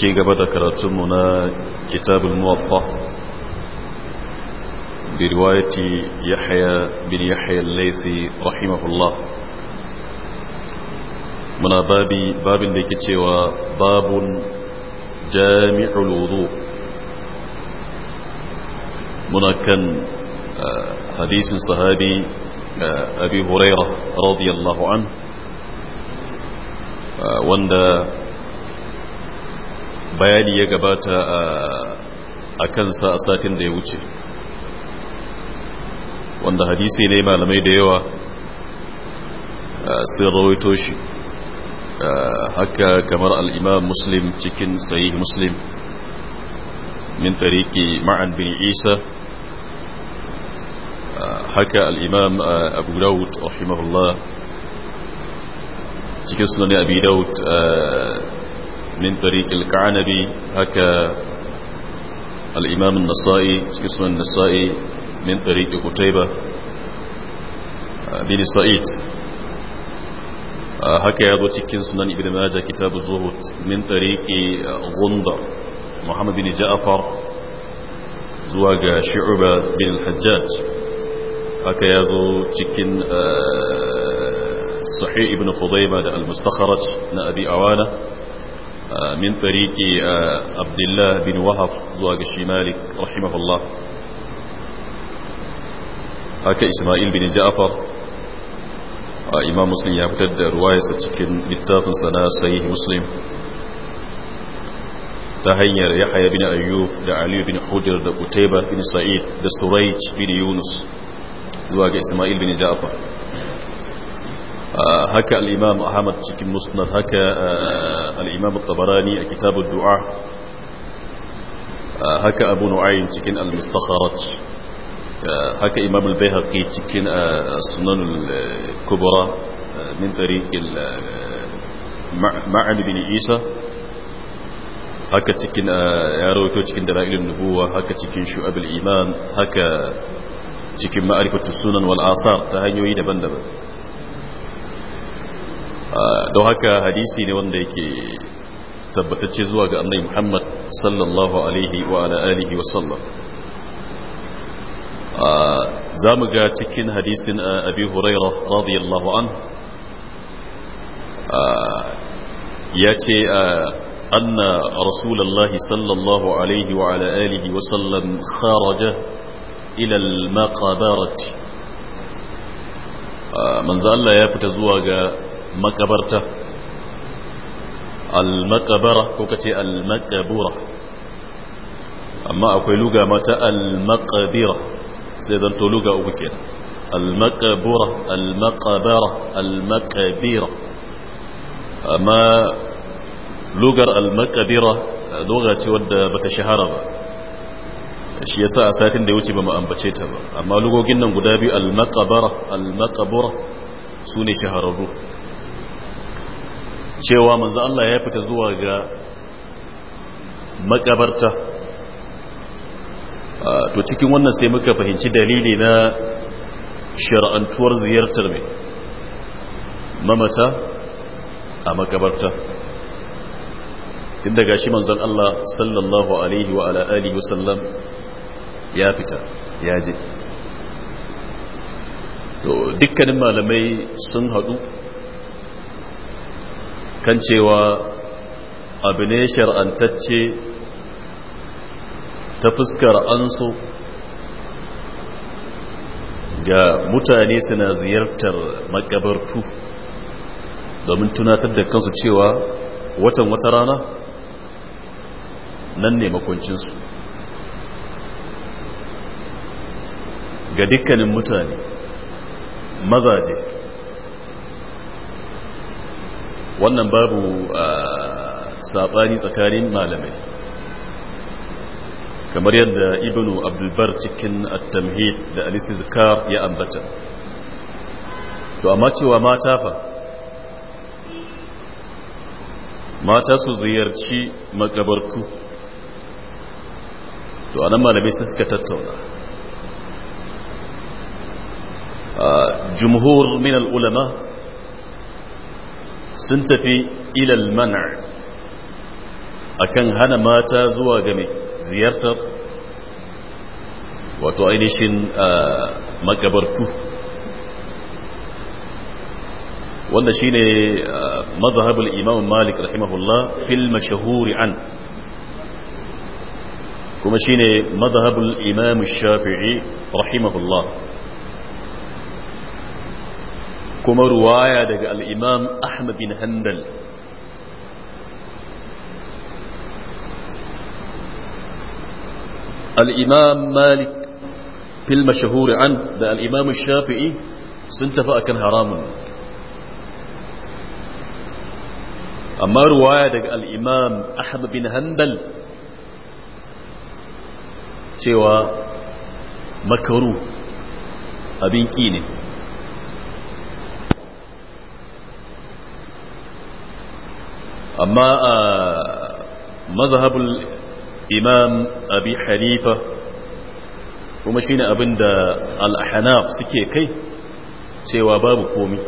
ci gaba da karatunmu na kitabul muwatta bi riwayati yahya bin yahya al-laythi rahimahullah muna babi babin da yake cewa babun jami'ul wudu muna kan hadisin sahabi abi hurairah radiyallahu an wanda bayani ya gabata a kansa a satin da ya wuce wanda hadisi ne malamai da yawa sun rawaito shi haka kamar al'imam muslim cikin sahih muslim min tariki ma'an bin isa haka al'imam abu daud rahimahullah cikin sunan abi daud من طريق الكعنبي هكا الإمام النصائي اسم النصائي من طريق قتيبة آه، بن سعيد آه، هكا يابو تكين سنن ابن ماجه كتاب الزهد من طريق آه، غندر محمد بن جعفر زواج شعبة بن الحجاج هكا يضو تكين صحيح ابن خضيمة المستخرج نأبي أوانه min tariki abdullah bin wahab zuwa ga shi malik rahimahullah haka ismail bin ja'far imam muslim ya fitar da ruwayarsa cikin littafinsa na sahih muslim ta hanyar yahaya bin ayyub da Aliyu bin hujjar da kutaiba bin sa'id da surayj bin yunus zuwa ga ismail bin ja'far آه، هكا الإمام أحمد سكي مسند هكا آه، الإمام الطبراني كتاب الدعاء آه، هكا أبو نعيم سكين المستخرج هكا إمام البيهقي سكين السنن الكبرى من طريق معنى بن عيسى هكا تكن يروي تكن دلائل النبوة هكا تكن شعب الإيمان هكا تكن معرفة السنن والآثار تهنيوي دبن دبن Ah, don haka hadisi ne wanda yake tabbatacce zuwa ga annabi Muhammad sallallahu alaihi wa ala'alihi wa sallam ah, za mu ga cikin hadisin ah, abi huraira radiyallahu an ya ce anna rasulallahi sallallahu alaihi wa ala wa sallam kharaja ila al-maqabarati manzo Allah ya fita zuwa ga makabarta al-makabara ko kace al-makabura amma akwai luga mata al-makabira sai zan to luga uku kenan al-makabura al-makabara al-makabira amma lugar al-makabira eh, luga ce wadda bata shahara ba shi yasa a satin da ya wuce ba mu ambace ta ba amma lugogin nan guda biyu al-maqabara al-maqabura sune shahararru cewa manzo Allah ya fita zuwa ga makabarta to cikin wannan sai muka fahimci dalili na shar'antuwar ziyartar mai mamata a makabarta tun daga shi manzan Allah sallallahu alaihi wa ala'alihi wasallam ya fita ya je dukkanin malamai sun haɗu kan cewa abu ne shar'antacce ta fuskar an ga mutane suna ziyartar makabartu domin tunatar da kansu cewa watan wata rana nan ne makoncinsu ga dukkanin mutane mazaje wannan babu saɓani tsakanin malamai kamar yadda ibnu abdulbar cikin at-tamhid da al-istizkar ya ambata to amma cewa mata fa mata su ziyarci makabartu to anan malamai sun suka tattauna jumhur min al-ulama sun tafi ilal mana' akan hana mata zuwa game ziyartar wato ainihin makabartu wanda shine mazhabul imam malik rahimahullah fil mashhuri an kuma shine mazhabul imam shafi'i rahimahullah kuma ruwaya daga al'imam ahmad bin handal al'imam malik fil mashahuri an da al'imam shafi'i sun tafi akan haramun amma ruwaya daga al'imam ahmad bin handal cewa makaru abin ƙi ne amma a mazhabul imam abi kuma shine abin da al-ahnaf suke kai cewa babu komi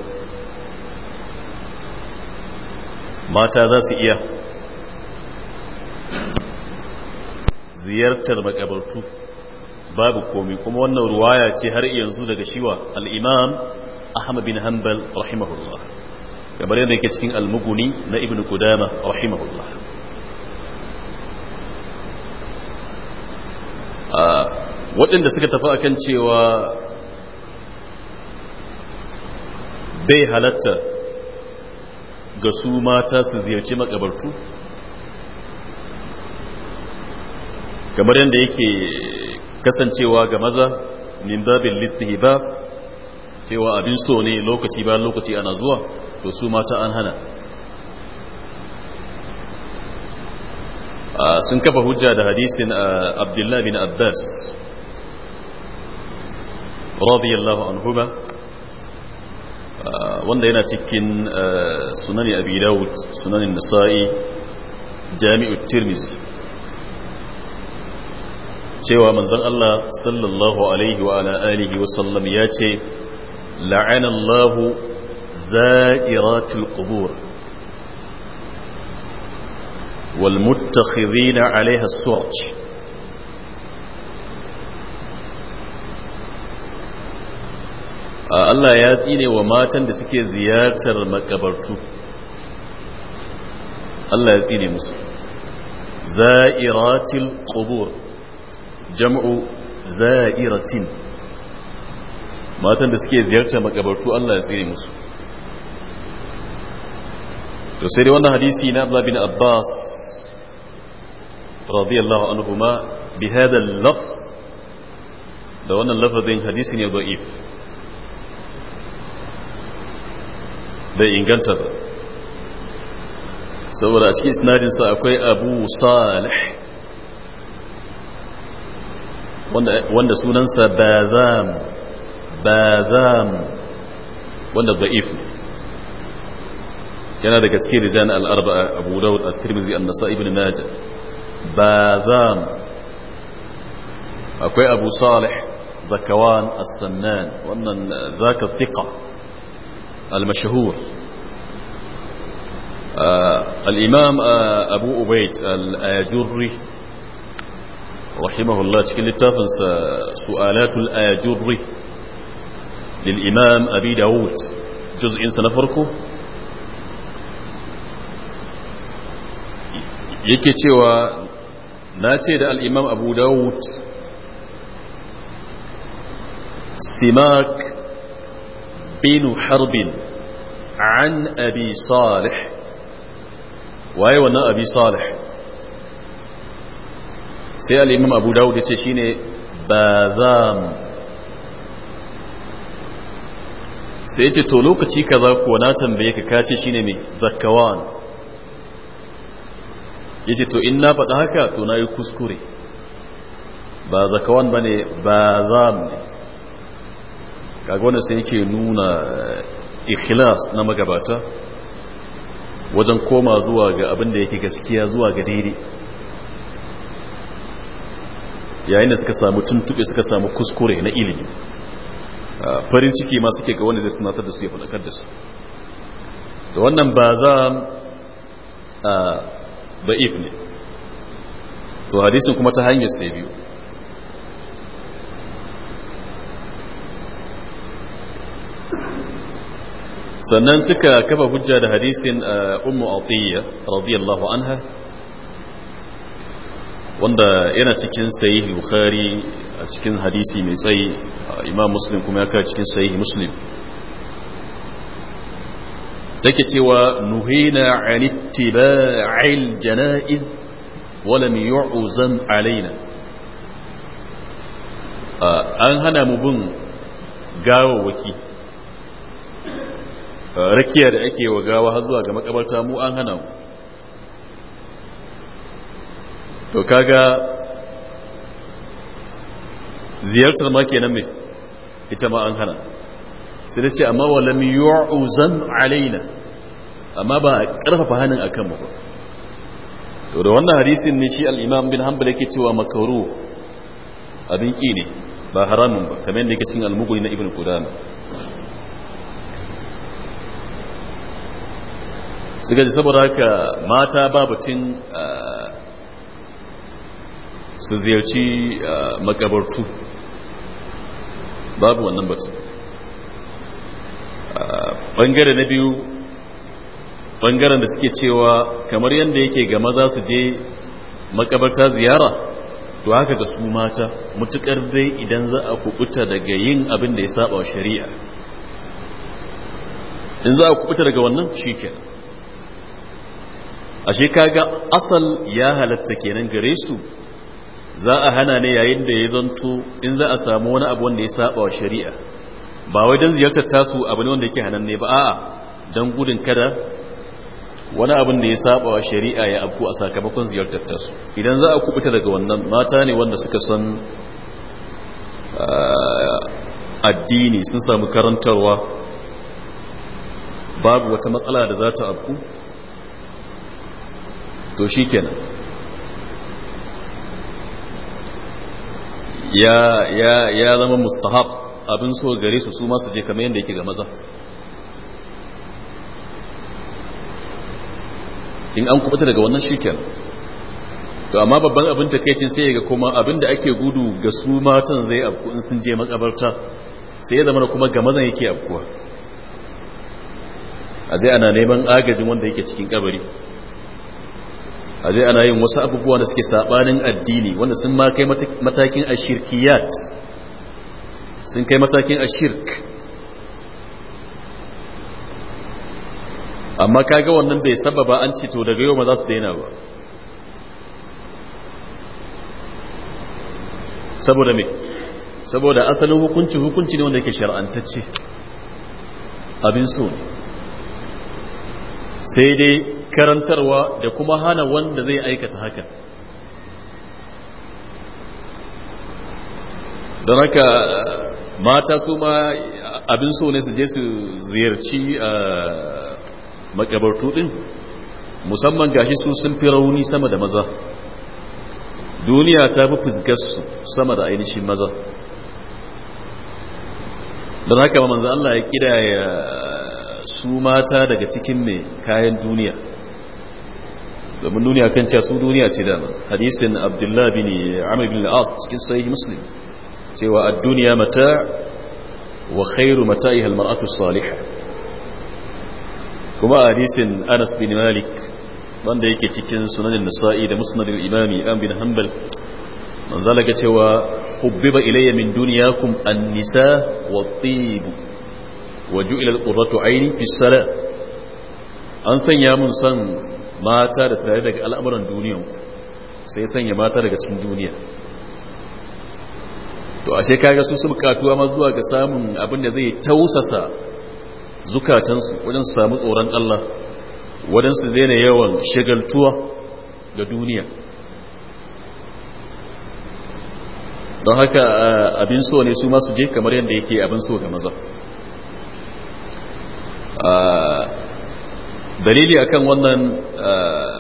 mata za su iya ziyartar makabartu babu komi kuma wannan ruwaya ce har yanzu daga shiwa al-imam ahmad bin hanbal rahimahullah kamar yadda yake cikin almuguni na ibn kudama rahimahullah waɗanda suka tafi akan cewa bai halatta ga su mata su ziyarci makabartu kamar yadda yake kasancewa ga maza min babin listihi ba cewa abin so ne lokaci bayan lokaci ana zuwa to su mata an hana sun kafa hujja da hadisin abdullahi bin abbas radiyallahu anhuma wanda yana cikin sunani abi dawud sunanin nisa'i jami'ut tirmizi cewa manzon Allah sallallahu alaihi wa ala alihi wa sallam ya ce la'ana Allahu زائرات القبور والمتخذين عليها السرج آه، الله يا تيني وما تندس زيارة مكبرتو الله يا تيني مسلم زائرات القبور جمع زائرة ما تندس زيارة مكبرتو الله يا تيني مسلم to sai dai wannan hadisi na Abdullah bin Abbas radiyallahu anhuma bi hada laf da wannan lafazin hadisi ne da'if bai inganta ba saboda a cikin sa akwai abu salih wanda sunansa bazam bazam wanda da'if ne yana daga cikin rijan al-arba'a Abu daud a tirmidhi an-Nasa'i ibn Majah Bazan akwai Abu Salih Zakawan as-Sannan wannan zaka thiqa al-mashhur الإمام أبو أبيت الآجري رحمه cikin littafinsa التافنس سؤالات الآجري للإمام أبي داود جزء سنفركه yake cewa na ce da al'imam abu dawud simak bin harbin an abi salih waye wannan abi salih sai al'imam abu dawud ya ce shi ne bazam sai ce to lokaci kaza kuwa na tambaye ka kace shi ne mai zakawan yace to in na faɗa haka to na yi kuskure ba zakawan ba ne ba za ne kaga sai yake nuna eh, ikhlas na magabata wajen koma zuwa ga abin da yake gaskiya zuwa ga daidai yayin da suka samu tuntube suka samu kuskure na ilimi farin ciki ma suke ga wanda zai tunatar da su ya faɗakar da su da wannan ba za da'if ne to hadisin kuma ta hanyar sai biyu sannan suka kafa hujja da hadisin ummu atiyya radiyallahu anha wanda yana cikin sahih bukhari a cikin hadisi mai tsayi imam muslim kuma ya kawo cikin sahih muslim take cewa nuhina an ittiba'il janaiz wa lam yu'zam alaina an hana mu bin gawawaki rakiya da ake wa gawa har zuwa ga makabarta mu an hana mu to kaga ziyartar ma kenan mai ita ma an hana sai da ce amma walam yu'zam alaina amma ba a karfafa hannun a kanmu ba to da wannan hadisin ne shi al'imam bin hanbal yake cewa makaru abin ki ne ba haramun ba kamar yadda yake cikin al na ibn kudana suka ji saboda haka mata ba batun su ziyarci makabartu babu wannan batun bangare na biyu bangaren da suke cewa kamar yadda yake ga maza su je makabarta ziyara to haka ga su mata mutukar dai idan za a kubuta daga yin abin da ya saba wa shari'a in za a kubuta daga wannan shi a ashe kaga asal ya halatta kenan gare su za a hana ne yayin da ya zanto in za a samu wani abu wanda ya saba wa shari'a ba wai don ziyartar tasu abu ne wanda yake hananne ba a'a don gudun kada wani abin da ya saba wa shari'a ya abu a sakamakon ziyartar tasu idan za a kubuta daga wannan mata ne wanda suka san ah, addini sun samu karantarwa babu wata matsala da za ta abu, to shi kenan ya zama mustahab abin so gare su su masu je kamar yadda yake ga maza in an kuɓuta daga wannan shiken to amma babban abin cin sai ga kuma abin da ake gudu ga su matan zai abu in sun je makabarta sai ya zama kuma ga mazan yake afkuwa a zai ana neman agajin wanda yake cikin kabari a zai ana yin wasu abubuwa da suke sabanin addini wanda sun ma kai matakin ashirkiyat sun kai matakin ashirk amma kaga wannan bai sababa an ce to daga yau ma za su daina ba saboda me saboda asalin hukunci hukunci ne wanda yake shar'antacce abin so ne sai dai karantarwa da kuma hana wanda zai aikata hakan don haka mata su ma abin so ne su je su ziyarci ah, makabartu din musamman gashi su sun fi rauni sama da maza duniya ta fi fizgarsu sama da ainihin maza don haka ba manzan Allah ya kidaya su mata daga cikin mai kayan duniya domin duniya kan cewa su duniya ce dama hadisin abdullahi bin amir bin cikin sahih muslim cewa a duniya mata wa khairu mata yi halmar'atu salihah kuma hadisin Anas bin Malik wanda yake cikin sunanin Nasa'i da musnadin Imami An bin Hanbal manzala ga cewa hubbiba ilayya min dunyakum an-nisa wat-tib wa ju'ila al-qurratu ayni fi an sanya mun san mata da tare daga al'amuran duniyan sai sanya mata daga cikin duniya to ashe kaga su su bukatuwa ma zuwa ga samun abin da zai tausasa zukatansu wajen samu tsoron Allah wajen su daina yawan shagaltuwa ga duniya don haka eh, abin so ne su masu je kamar yadda yake abin so ga maza eh, dalili akan wannan eh,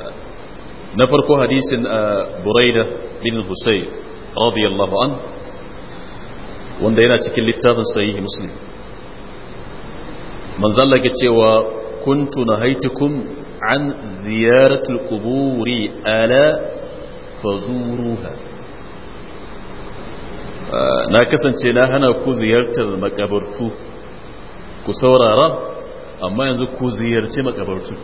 na farko hadisin buraida bin husayn radiyallahu an wanda yana cikin littafin sahihi muslim manzalla ke cewa kuntu na haitukum an ziyaratul kuburi ala fazuruha ah, na kasance na hana ku ziyartar makabartu ku saurara amma yanzu ku ziyarci makabartu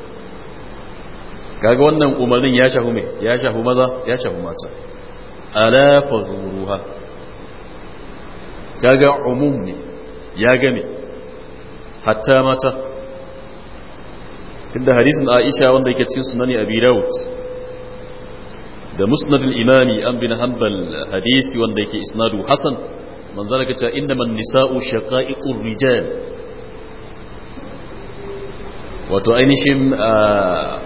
kaga wannan umarnin ya shahu mai ya shahu maza ya shahu mata ala fazuruha kaga umum ne ya gane hatta mata tunda hadisin Aisha wanda yake cikin sunani Abi Dawud da musnad al-imami an bin hanbal hadisi wanda yake isnadu hasan manzala kace man nisa'u shaqa'iqur rijal wato ainihin ah,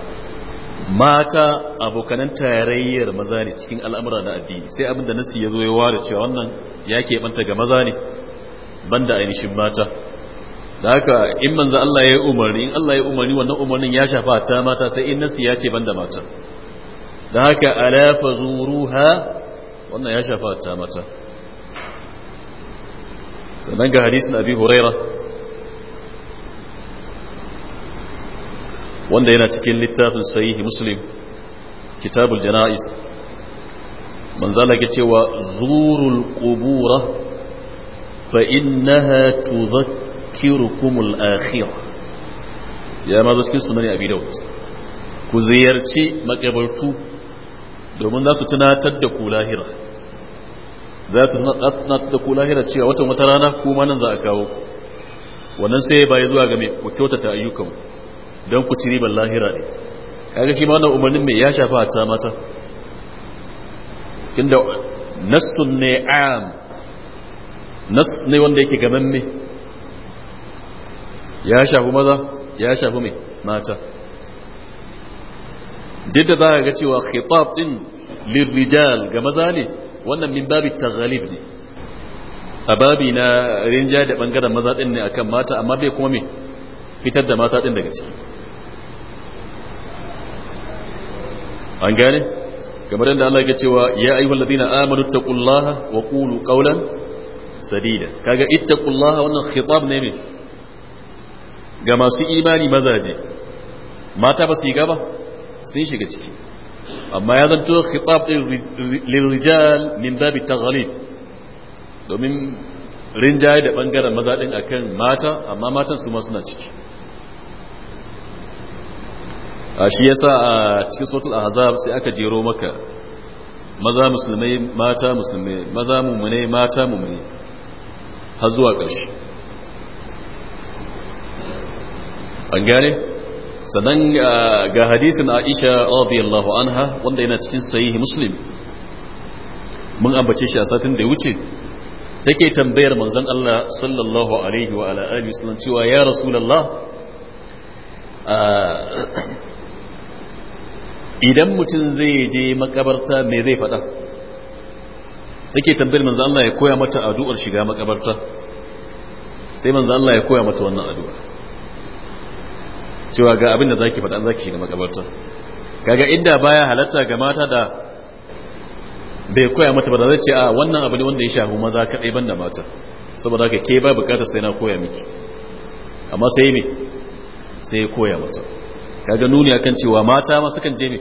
mata abokanan tarayyar maza ne cikin al'amura na addini sai abinda nasi ya zo ya ware cewa wannan ya keɓanta ga maza ne banda ainihin mata da haka in manzo Allah ya yi umarni in Allah ya yi umarni wannan umarnin ya shafa ta mata sai in nasi ya ce banda mata da haka ala fazuruha wannan ya shafa ta mata sannan ga hadisin abi huraira wanda yana cikin littafin sahihi muslim kitabul jana'is manzala ke cewa zurul qubura fa innaha tazkirukumul akhir ya ma zo cikin sunan abi dawud ku ziyarci makabartu domin za su tunatar da ku lahira za su tunatar da ku lahira cewa watan wata rana kuma nan za a kawo wannan sai ba ya zuwa ga mai ku kyautata ayyukan don ku ci riban lahira ne kaga shi ma wannan umarnin mai ya shafa hatta mata inda nasun ne am nas ne wanda yake gaban mai ya shafi maza ya shafi mai mata duk da za ka ga cewa khitab din lirrijal ga maza ne wannan min babi taghalib ne a babi na rinja da bangaren maza din ne akan mata amma bai kuma me fitar da mata din daga ciki an gane kamar yadda Allah ya cewa ya ayyuhal ladina amanu taqullaha wa qulu qawlan sadida kaga ittaqullaha wannan khitab ne mai ga masu imani mazaje mata ba su yi gaba sun shiga ciki amma ya zanto khitab lil rijal min babi taghlib domin rinjaye da bangaren maza din akan mata amma matan su ma suna ciki a shi yasa a cikin sautul ahzab sai aka jero maka maza musulmai mata musulmai maza mumune mata mumune har zuwa ƙarshe an gane sannan ah, ga hadisin aisha radiyallahu anha wanda yana cikin sahihi muslim mun ambace shi a satin da ya wuce take tambayar manzon Allah sallallahu alaihi wa ala alihi wasallam cewa ya rasulullah ah, idan mutum zai je makabarta me zai faɗa take tambayar manzo Allah ya koya mata addu'ar shiga makabarta sai manzo Allah ya koya mata wannan addu'a cewa ga abin da zaki faɗa zaki da makabarta kaga inda baya halatta ga mata da bai koya mata ba da zai ce a wannan abu ne wanda ya shafi maza kaɗai ban da mata saboda haka ke ba bukatar sai na koya miki amma sai me sai ya koya mata kaga nuni akan cewa mata ma sukan je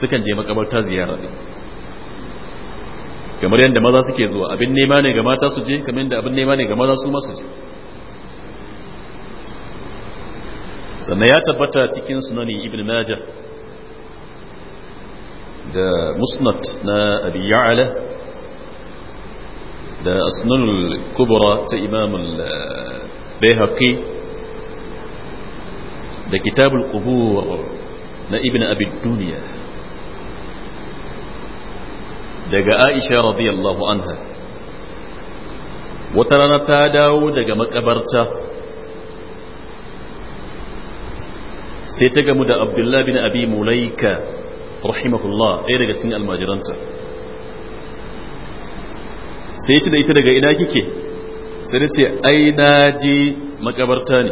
sukan je makabarta ziyara ne kamar yadda maza suke zuwa abin nema ne ga mata su je kamar yadda abin nema ne ga maza su ma su je sannan ya tabbata cikin sunani ibn majah da musnad na abi ya'ala da asnanul kubra ta al bayhaqi da kitabul qubur na ibn abi dunya daga aisha radiyallahu anha wata rana ta dawo daga makabarta sai ta gamu da abdullahi bin abi mulaika rahimahullah ɗaya daga cikin almajiranta sai ya ci da ita daga ina kike sai ta ce ai na je makabarta ne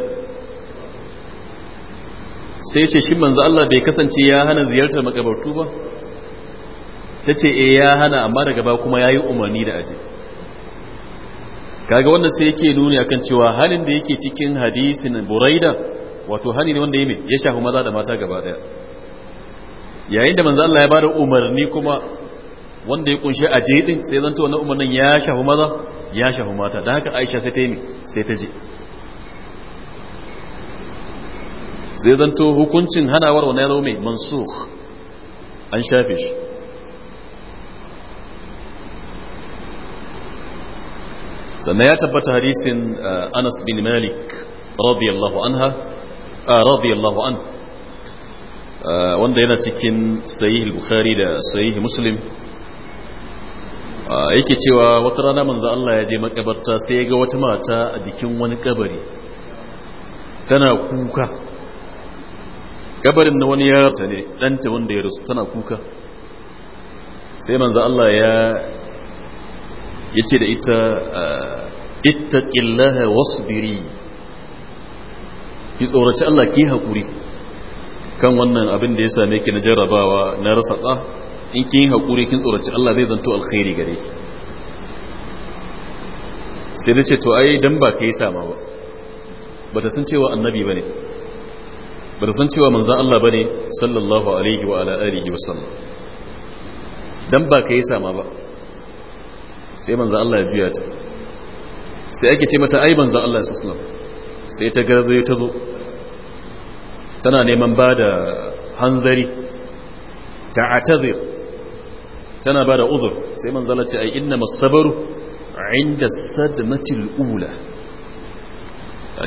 sai ya ce shi manzo Allah bai kasance ya hana ziyartar makabartu ba ta ce e ya hana amma daga ba kuma ya yi umarni da aje kaga wannan sai yake nuni akan cewa halin da yake cikin hadisin buraida wato hani ne wanda ya mai ya shafi maza da mata gaba daya yayin da manzo Allah ya bada umarni kuma wanda ya kunshi a din sai zanto wannan umarnin ya shafi maza ya shafi mata dan haka Aisha sai ta yi sai ta je sai zanto hukuncin hanawar wannan ya zama mai mansukh an shafe shi sannan ya tabbata hadisin Anas bin Malik radiyallahu anha Ah, radiyallahu an ah, wanda yana cikin sahih bukhari da sahih muslim ah, yake cewa wata rana manzo Allah ya je makabarta sai ya ga wata mata a jikin wani kabari tana kuka kabarin na wani yarta ne ɗanta wanda ya rasu tana kuka sai manzo Allah ya ce da ita ittaqillaha wasbiri ki tsoraci Allah ki haƙuri kan wannan abin da ya same ki na jarrabawa na rasa ɗa in kin yi haƙuri kin tsoraci Allah zai zanto alkhairi gare ki sai da ce to ai dan ba ka yi sama ba ba ta san cewa annabi ba ne ba ta san cewa manzan Allah ba ne sallallahu alaihi wa ala alihi wa sallam dan ba ka yi sama ba sai manzan Allah ya juya ta sai ake ce mata ai manzan Allah sallallahu alaihi wa sallam sai ta garzayo ta zo tana neman ba da hanzari ta atazir tana ba da uzur sai manzala ce ai inna masabaru inda sadmatil ula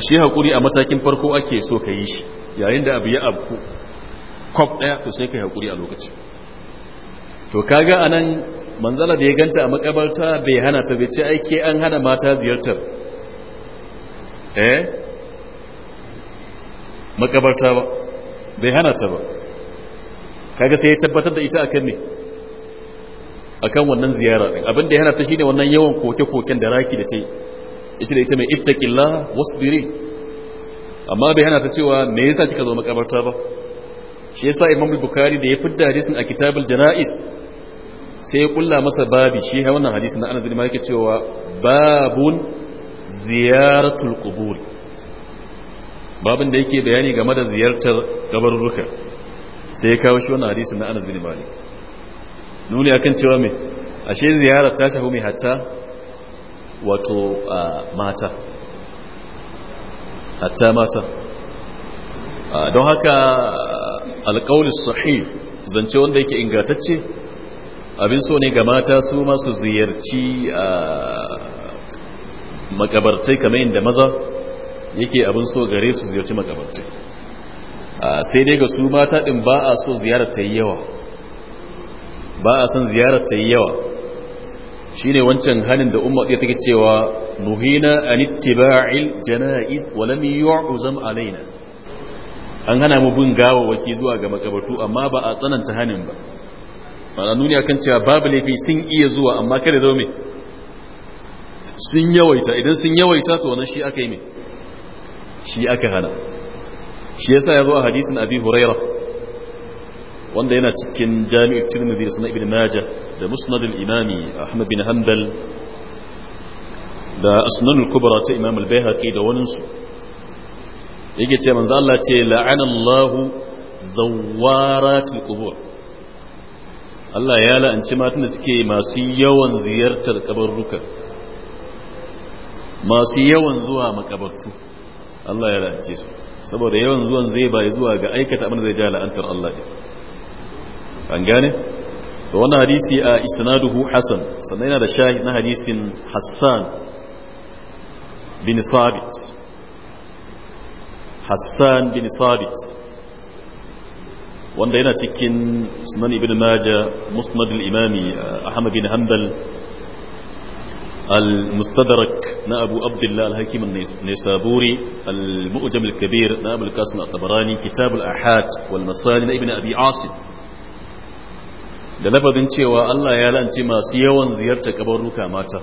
shi haƙuri a matakin farko ake so ka yi shi yayin da abu ya abu kwab ɗaya to sai ka yi a lokaci to kaga a nan manzala da ya ganta a makabarta bai hana ta bai ce aiki an hana mata ziyartar eh makabarta ba bai hana ta ba kaga sai ya tabbatar da ita akan ne akan wannan ziyara abin da ya hana ta shine wannan yawan koke-koken da raki da ta yi ita da ita mai wasu biri. amma bai hana ta cewa me yasa kika zo makabarta ba shi yasa Imam Bukhari da ya fidda hadisin a Kitabul Janais sai ya kulla masa babi shi ya wannan hadisin na Anas bin Malik cewa babun ziyaratul qubur babin da yake bayani game da ziyartar kabarurruka sai ya kawo shi wannan hadisi na Anas bin Malik nuni akan cewa me ashe ziyarar ta shafi mai hatta wato mata hatta mata don haka alƙaulis sahih zance wanda yake ingatacce abin so ne ga mata su masu ziyarci a makabartai kamar yadda maza yake abin so gare su ziyarci Aa sai dai ga su mata din ba a so ziyarar ta yi yawa ba a son ziyarar ta yi yawa Shi ne wancan hannun da umar ɗaya take cewa nuhina an ittiba'il jana'is wa alaina an hana mu bin gawawaki zuwa ga makabartu amma ba a tsananta hannun ba mana nuni akan cewa babu laifi sun iya zuwa amma kada zo me sun yawaita idan sun yawaita to wannan shi aka yi me shi aka hana shi yasa ya zo a hadisin abi huraira wanda yana cikin jami'ar tirmidhi da sunan ibn majah da musnad al-imami ahmad bin hanbal da asnan al-kubra ta imam al-baihaqi da wani su yake ce manzo Allah ce la'ana Allah zawaratul qubur Allah ya la'anci matan da suke masu yawan ziyartar kabarruka masu yawan zuwa makabartu Allah ya la'ance su saboda yawan zuwan zai ba zuwa ga aikata abin da zai ja la'antar Allah ne an gane to wannan hadisi a isnaduhu hasan sannan yana da shahid na hadisin hassan bin sabit hassan bin sabit wanda yana cikin sunan ibn majah musnad al-imami ahmad bin hanbal المستدرك نأبو عبد الله الحكيم النيسابوري المؤجم الكبير نأبو القاسم الطبراني كتاب الأحاد والمصاري ابن أبي عاصم دلبا بنتي والله يا لانتي ما سيوا زيارتك أبو ماتا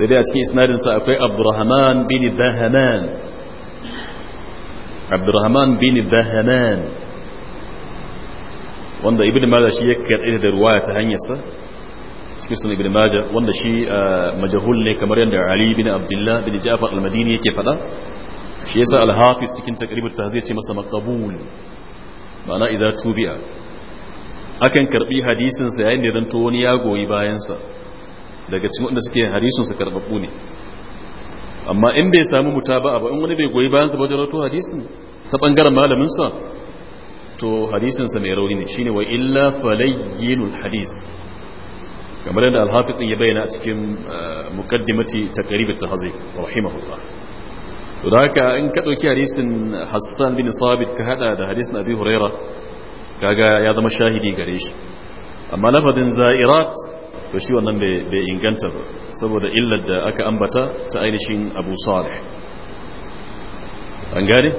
سيدي أشكي إسناد سأقوي عبد الرحمن بن الدهنان عبد الرحمن بن الدهنان وانا ابن مالا شيكت إلى دروايته هنيسه cikin suna ibn maja wanda shi uh, majahul ne kamar yadda ali bin abdullah bin jafar al-madini yake faɗa shi yasa al-hafiz cikin taqribut zai ce masa maqbul ma'ana idza tubi'a akan karbi hadisin sa yayin da zanto wani ya goyi bayan sa daga cikin wanda suke hadisin sa karbabbu ne amma in bai samu mutaba'a ba in wani bai goyi bayan sa ba wajen hadisin ta bangaren malamin sa to hadisin sa mai rauni ne shine wa illa falayyinul hadis kamar yadda alhafiz ya bayyana a cikin muqaddimati taqrib at-tahzib rahimahullah to da haka in ka dauki hadisin Hassan bin Sabit ka hada da hadisin Abi Huraira kaga ya zama shahidi gare shi amma lafazin za'irat to shi wannan bai inganta ba saboda illar da aka ambata ta ainihin Abu Salih an gane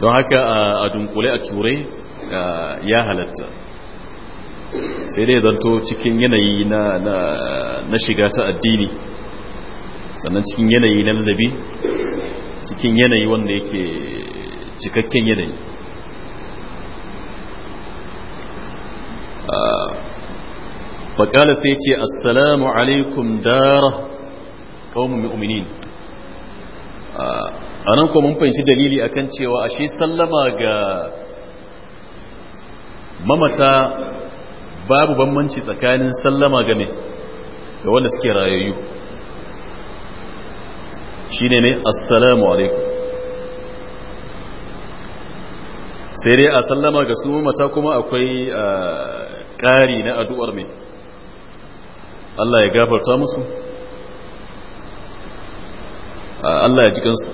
don haka a dunkule a ture ya halatta sai dai zanto cikin yanayi na shiga ta addini sannan cikin yanayi na lalabi cikin yanayi wanda yake cikakken yanayi ah, faƙala sai ce assalamu alaikum dara ƙaunin mu'minin a ah, nan kuma mun fahimci dalili akan cewa ashe sallama ga mamata babu bambanci tsakanin sallama game da wanda suke rayayyu shi ne assalamu alaikum sai dai a sallama ga su mata kuma akwai ƙari na addu'ar mai Allah ya gafarta musu Allah ya ji kansu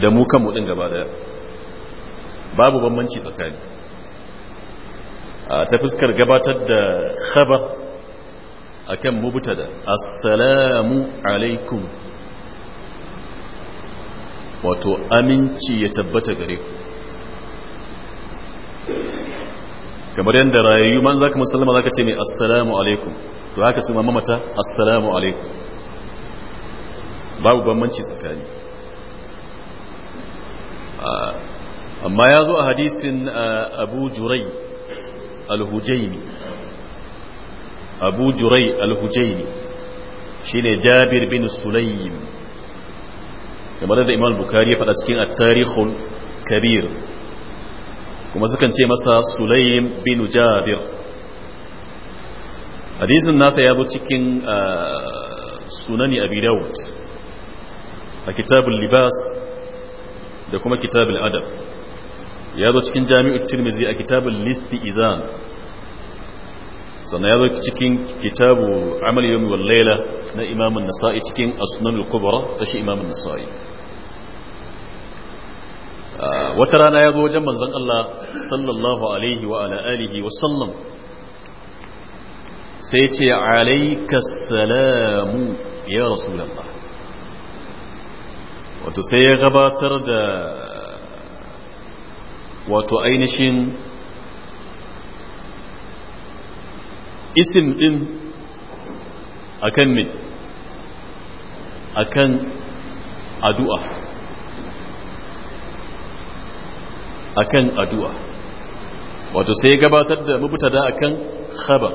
da mu kanmu ɗin gaba daya babu bambanci tsakani ta fuskar gabatar da khabar mubuta da assalamu alaikum wato aminci ya tabbata gare ku kamar yadda rayu man za zaka musallama ka ce mai assalamu alaikum to haka su mamata assalamu alaikum babu bambanci tsakani amma ya zo a hadisin abu jurai al abu jurai al shine jabir bin sulaim kamar da imam bukari ya faɗa cikin at kabir kuma sukan ce masa sulaim bin jabir hadisin nasa ya zo cikin ah, sunani abi dawud a kitabul libas da kuma kitabul adab ya zo cikin jami'ut tirmizi a kitabul listi izan sannan ya zo cikin kitabu amal yawmi wal layla na imam an-nasa'i cikin Asnan sunan al-kubra da shi imam an-nasa'i ah, wata rana ya zo wajen manzon Allah sallallahu alaihi wa ala alihi wa sallam sai ce alayka salamu ya rasulullah wato sai ya gabatar da wato ainihin isim din akan me akan addu'a akan addu'a wato sai gabatar da mubtada akan khabar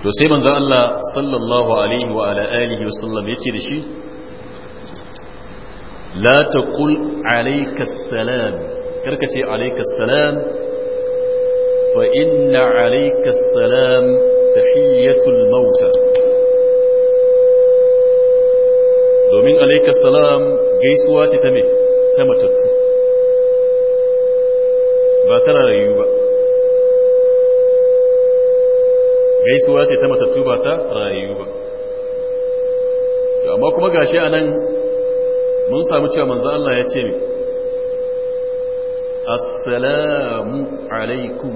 to sai manzon Allah sallallahu alaihi wa ala alihi wa sallam yace da shi لا تقل عليك السلام كركتي عليك السلام فإن عليك السلام تحية الموتى دومين عليك السلام جيسواتي تمي تمتت باتنا ريوبا gaisuwa ce ta matattu ba ta rayuwa amma kuma gashi a mun samu cewa manzo Allah ya ce ne assalamu alaikum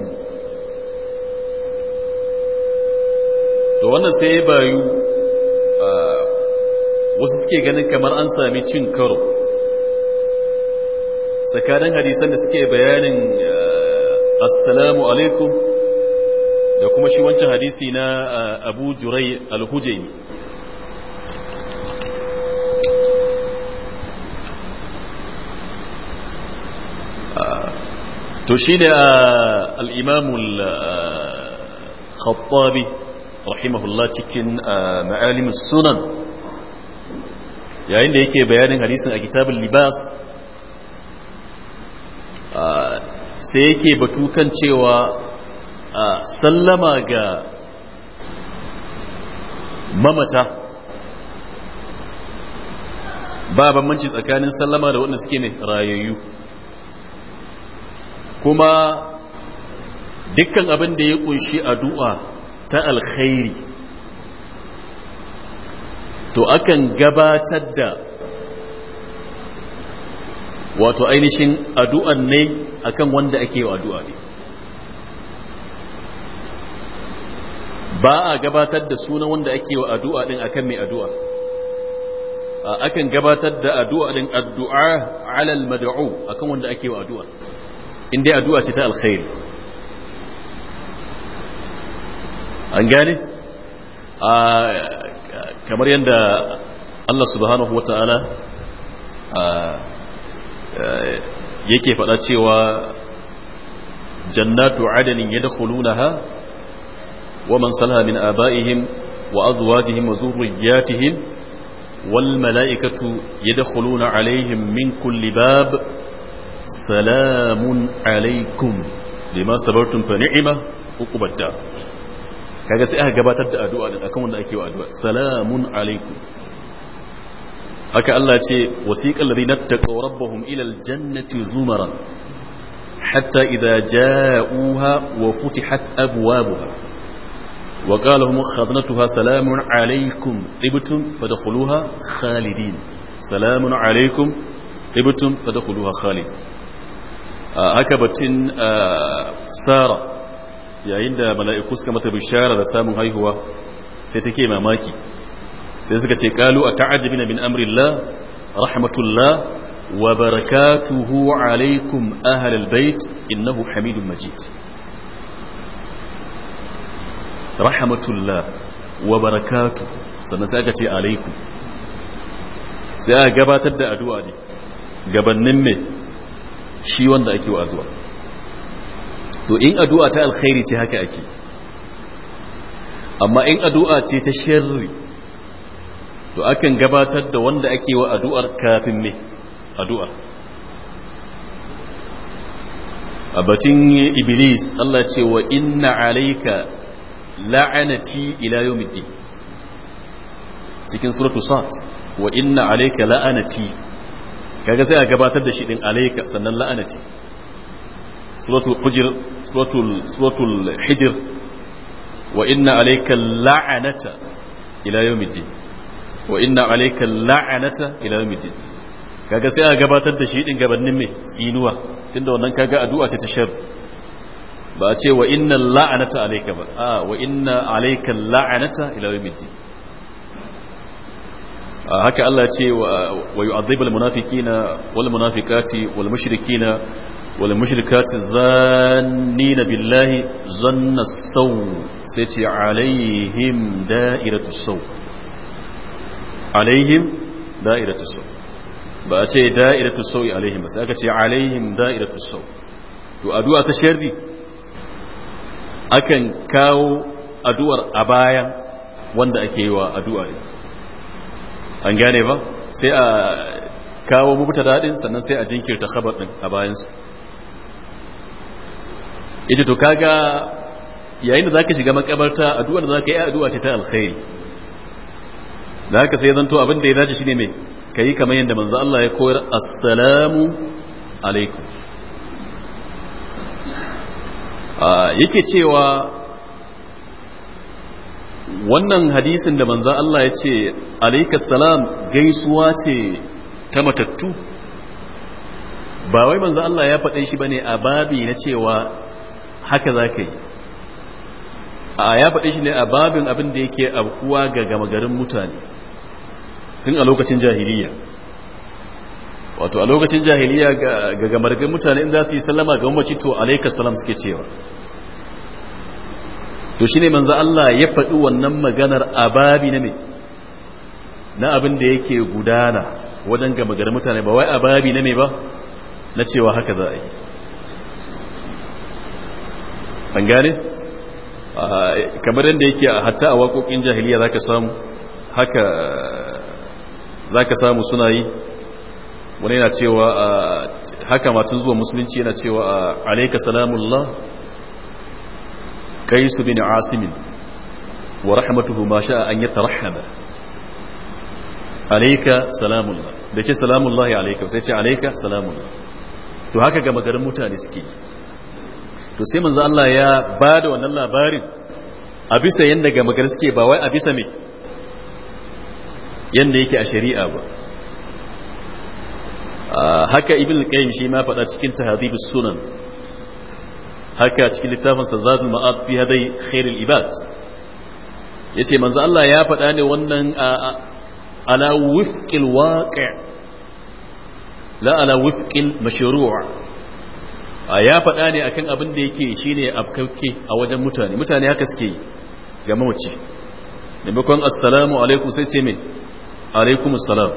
to wannan sai ya bayu wasu suke ganin kamar an sami cin karo tsakanin hadisan da suke bayanin assalamu alaikum da kuma shi wancan hadisi na abu jurai alhujaini to shi ne uh, al'imamul khattabi rahimahullah cikin uh, ma'alimus sunan yayin da yake bayanin hadisin a kitabin libas uh, sai yake batu kan cewa sallama ga mamata ba bambanci tsakanin sallama da waɗanda suke ne, rayayyu kuma dukkan abin da ya kunshi addu'a ta alkhairi to akan gabatar da wato ainihin addu'an ne akan wanda ake yi addu'a ne ba a gabatar da sunan wanda ake wa addu'a din akan mai addu'a akan gabatar da addu'a din addu'a alal mad'u akan wanda ake wa addu'a in dai addu'a ce ta alkhairi an gane kamar yadda Allah subhanahu wa ta'ala yake faɗa cewa jannatu adanin ya dakhulunaha wa man salaha min aba'ihim wa azwajihim wa zurriyatihim wal mala'ikatu yadkhuluna alaihim min kulli bab salamun alaikum lima sabartum fa ni'ima uqubadda kaga sai aka gabatar da addu'a din akan wanda ake wa addu'a salamun alaikum haka Allah ce wasiqal ladina taqaw rabbahum ila aljannati zumaran hatta idza ja'uha wa futihat abwabuha wa qala hum khadnatuha salamun alaikum tibtum fadkhuluha khalidin salamun alaikum tibtum fadkhuluha khalidin haka batun sara yayin da mala'iku suka mata bishara da samun haihuwa sai take mamaki sai suka ce kalu a ta'ajibina amrillah rahmatullah wa barakatuhu alaikum ahlal bait innahu hamidun majid rahmatullah wa barakatuhu sannan sai aka ce alaikum sai a gabatar da addu'a ne gabannin mai shi wanda ake wa to in addu'a ta alkhairi ce haka ake amma in addu'a ce ta sharri to akan gabatar da wanda ake wa addu'ar kafin me addu'ar a batun iblis Allah ce wa inna alaika la'anati ila yawmiddin cikin suratul sat wa inna alayka la'anati kaga sai a gabatar da shi din alayka sannan la'anati suratul hujr suratul suratul hijr wa inna alayka la'anata ila yawmiddin wa inna alayka la'anata ila yawmiddin kaga sai a gabatar da shi din gabanin me tsinuwa tunda wannan kaga addu'a ce ta shar ba a ce wa inna la'anata alayka ba a wa inna alayka la'anata ila yawmiddin haka Allah ce wa yu'adhibul munafiqina wal munafiqati wal mushrikina wal mushrikati zannina billahi zanna saw sai alaihim da'iratu saw alaihim da'iratu saw ba a ce da'iratu saw alaihim sai aka ce alaihim da'iratu saw to addu'a ta sharri akan kawo addu'ar a bayan wanda ake yi wa addu'a an gane ba sai a kawo mubuta daɗin sannan sai a jinkirta khabar ɗin a bayansu ita to kaga yayin da zaka shiga makabarta addu'a da zaka yi addu'a ce ta alkhairi da haka sai zanto abin da ya dace shine me kai kamar yadda manzo Allah ya koyar assalamu alaikum ah, yake cewa wannan hadisin da manzo Allah ya ce alaikas salam gaisuwa ce ta matattu ba wai manzo Allah ya faɗe shi bane a babi na cewa haka za ka yi a ya faɗe shi ne a babin abin da yake abkuwa ga gamagarin mutane tun a lokacin jahiliya wato a lokacin jahiliya ga gamagarin mutane in za su yi sallama ga mamaci to alaikas salam suke cewa to shine manzo Allah ya faɗi wannan maganar a babi na me na abin da yake gudana wajen gama magar mutane ba wai a babi na me ba na cewa haka za a yi an gane kamar yadda yake hatta a waƙoƙin jahiliya zaka samu haka zaka samu suna yi wani yana cewa haka matun zuwa musulunci yana cewa alaika salamullah qais bin asim wa rahmatuhu ma sha'a an yatarahhama alayka salamullah da ce salamullahi alayka sai ce alayka salamullah to haka ga magarin mutane suke to sai Allah ya bada wannan labarin a bisa yanda ga magarin ba wai a bisa me yanda yake a shari'a ba haka ibn shima faɗa cikin tahdhibus sunan haka cikin littafin sa ma'ad fi hadai khairul ibad yace manzo Allah ya faɗa ne wannan ala wifqil waqi' la ala wifqil mashru' ya faɗa ne akan abin da yake shine afkauke a wajen mutane mutane haka suke yi ga mamaci maimakon assalamu alaikum sai ce me alaikum assalam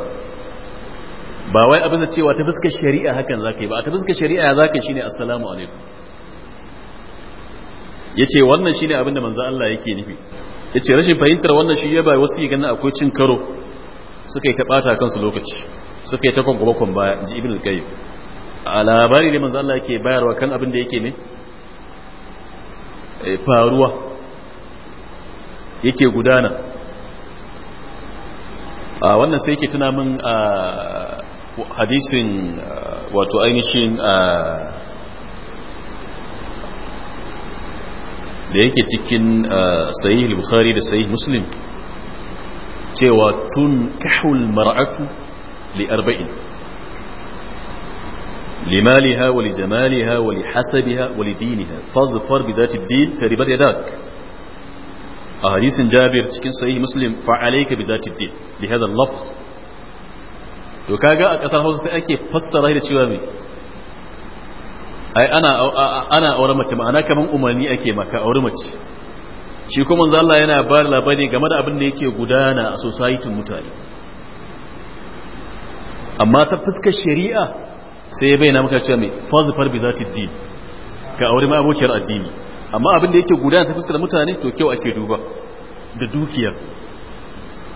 ba wai abin da cewa ta fuskar shari'a hakan zaka yi ba ta fuskar shari'a zaka shine assalamu alaikum yace wannan shine abin da manzo Allah yake nufi yace rashin fahimtar wannan shi ya ba wasu ke ganin akwai cin karo suka yi ta kansu lokaci suka yi ta kwankwamakon baya ji ibn al-qayyim a labari ne manzo Allah yake bayarwa kan abin da yake ne eh, faruwa yake gudana a wannan sai yake tuna min a hadisin wato ainihin da yake cikin sahih bukhari da sahih muslim cewa tun kahul mar'atu li arba'in لمالها ولجمالها ولحسبها ولدينها فاظفر بذات الدين تربت يداك أحاديث جابر cikin sahih muslim fa'alayka بذات الدين بهذا اللفظ to kaga a kasar Hausa sai ake fassara da cewa me ai ana ana aure mace ma'ana kaman umarni ake maka aure mace shi kuma manzo Allah yana ba labari game da abin da yake gudana a society mutane amma ta fuskar shari'a sai ya bayyana maka cewa mai fazifar za zati din ka aure ma abokiyar addini amma abin da yake gudana ta fuskar mutane to kyau ake duba da dukiyar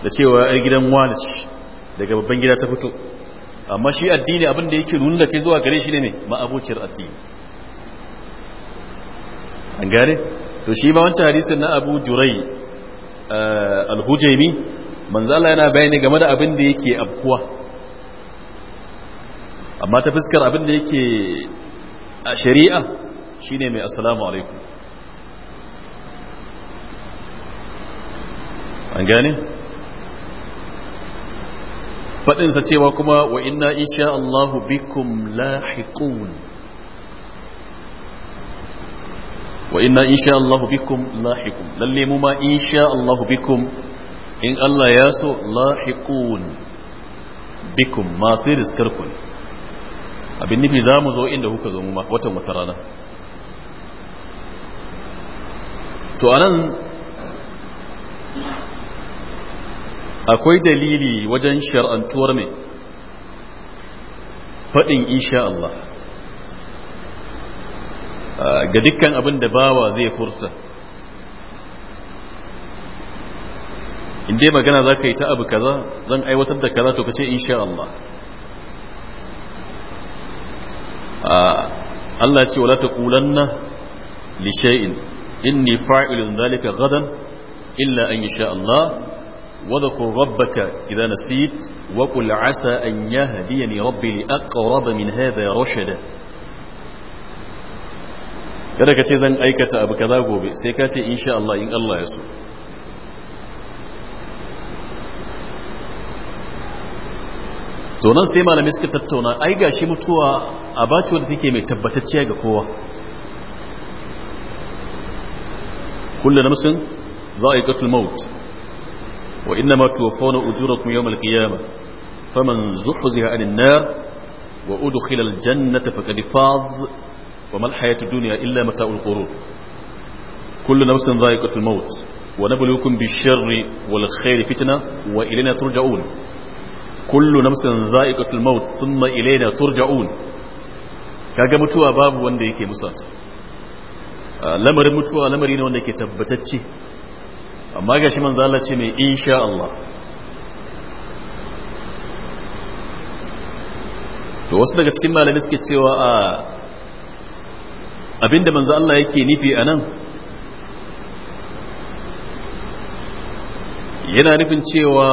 da cewa ai gidan ce daga babban gida ta fito amma shi addini abin da yake nuna da kai zuwa gare shi ne ma'abociyar addini an gane to shi ma wancan hadisin na abu jurai eh, alhujaimi manzala yana bayani game da abin da yake abkuwa amma ta fuskar abin da yake a shari'a shine mai assalamu alaikum an gane faɗinsa cewa kuma wa inna isha Allahu bikum lahiqun wa inna isha Allahu bikum lahiqun lalle mu ma isha Allahu bikum in Allah ya so lahiqun bikum masu riskar ku abin nufi za mu zo inda kuka zo mu ma watan wata rana to anan akwai dalili wajen shar'antuwar mai faɗin insha Allah ga dukkan abin da bawa zai fursa in magana za ka yi ta abu kaza zan aiwatar da kaza to ka ce insha Allah Allah ce wala ta kulanna li shay'in inni fa'ilun zalika gadan illa an yasha Allah وذكر ربك إذا نسيت وقل عسى أن يهديني ربي لأقرب من هذا رشدا kada ka ce zan aikata abu kaza gobe sai ka ce insha Allah in Allah ya so to nan sai malamai suka tattauna ai gashi mutuwa a bace wadda take mai tabbatacciya ga kowa kullu nafsin za'iqatul maut وإنما توفون أجوركم يوم القيامة فمن زحزها عن النار وأدخل الجنة فقد فاض وما الحياة الدنيا إلا متاع القرور كل نفس ذائقة الموت ونبلوكم بالشر والخير فتنة وإلينا ترجعون كل نفس ذائقة الموت ثم إلينا ترجعون kaga mutuwa باب wanda yake musata lamarin mutuwa lamari ne amma ga shi manzo ce mai insha Allah to wasu daga cikin malamai suke cewa a abinda manzo Allah yake nufi anan, yana nufin cewa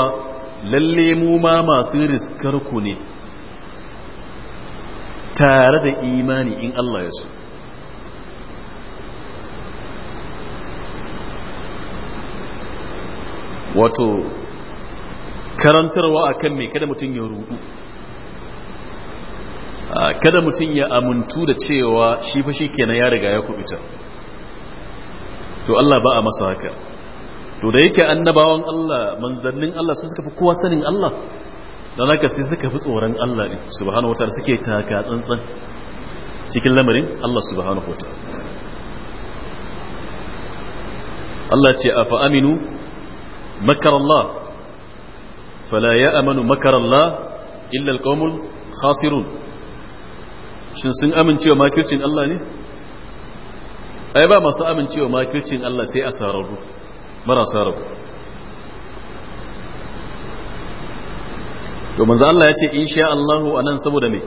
lalle mu ma masu riskar ku ne tare da imani in Allah ya so wato karantarwa a kan mai kada mutum ya rudu kada mutum ya amintu da cewa shi fa shi kenan ya riga ya kubuta to Allah ba a masa haka to da yake annabawan Allah manzannin Allah sun suka fi kowa sanin Allah don haka sai suka fi tsoron Allah ne subhanahu wa ta'ala suke taka tsantsan cikin lamarin Allah subhanahu wa ta'ala Allah ce afa aminu makar Allah fala ya amanu makar Allah illa alqawmul khasirun shin sun amincewa makircin Allah ne ai ba masu amincewa makircin Allah sai asararru marasa rabu to manzo Allah ya ce insha Allahu anan saboda me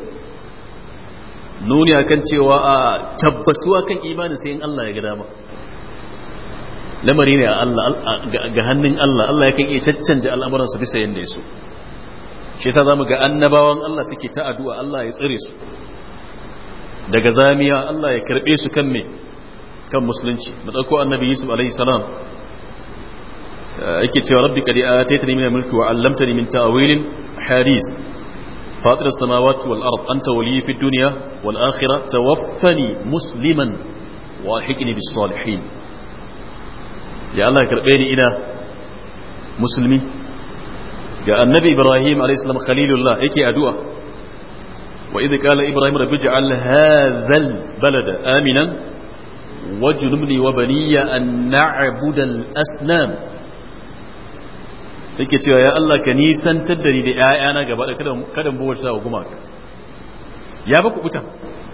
nuni akan cewa a tabbatuwa kan imani sai in Allah ya ga dama lamari ne a Allah ga hannun Allah Allah kan iya caccanje al'amuransa bisa yadda ya so shi yasa zamu ga annabawan Allah suke ta addu'a Allah ya tsire su daga zamiya Allah ya karbe su kan me kan musulunci mu dauko annabi Yusuf alaihi salam yake cewa rabbi qad ataytani min al-mulki wa 'allamtani min ta'wil hadith فاطر السماوات والأرض أنت ولي في الدنيا والآخرة توفني مسلما وألحقني بالصالحين ya Allah ka karbe ni ina musulmi ga annabi ibrahim alayhi salam khalilullah yake addu'a wa idh qala ibrahim rabbi ja'al hadha balada aminan wajnubni wa baniya an na'budu al-asnam yake cewa ya Allah ka nisantar da ni da ƴaƴana gaba da kada kada mu bauta wa gumaka ya ba kubuta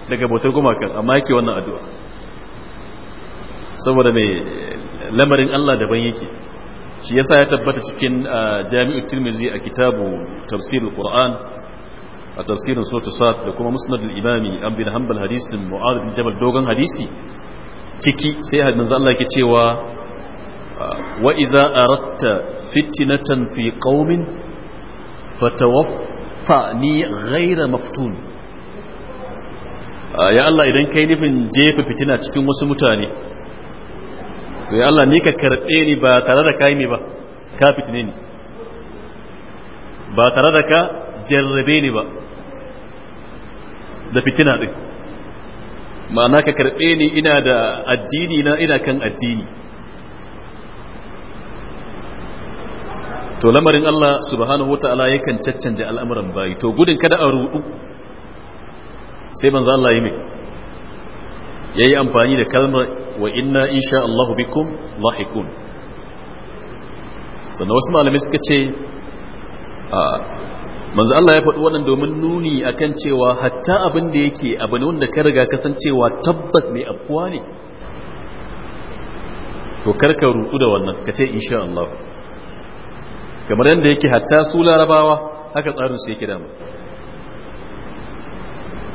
daga bautar gumaka amma yake wannan addu'a saboda mai lamarin Allah daban yake shi yasa ya tabbata cikin uh, jami'ut tirmizi a kitabu tafsirul qur'an a tafsirin suratul da kuma musnad al-imami an hanbal hadisin mu'adh bin jabal dogon hadisi ciki sai hadin Allah yake cewa wa iza aratta fitnatan fi qaumin fatawaffa ni ghayra maftun uh, ya Allah idan kai nufin jefa fitina cikin wasu mutane to ya Allah ni ka karɓe ni ba tare da kai ni ba ka fitine ni ba tare da ka jarrabe ni ba da fitina din ma'ana ka karɓe ni ina da addini na ina kan addini to lamarin Allah subhanahu wata'ala yakan caccanje al'amuran bayi to gudun kada a rudu sai manzo Allah yi mai yayi amfani da kalmar wa inna insha Allahu bikum lahiqun sannan wasu malamai suka ce manzo Allah ya faɗi wannan domin nuni akan cewa hatta abin da yake abu ne wanda ka riga kasancewa tabbas ne afkuwa ne to karka rutu da wannan ka ce insha Allah kamar yadda yake hatta su larabawa haka tsarin su yake dama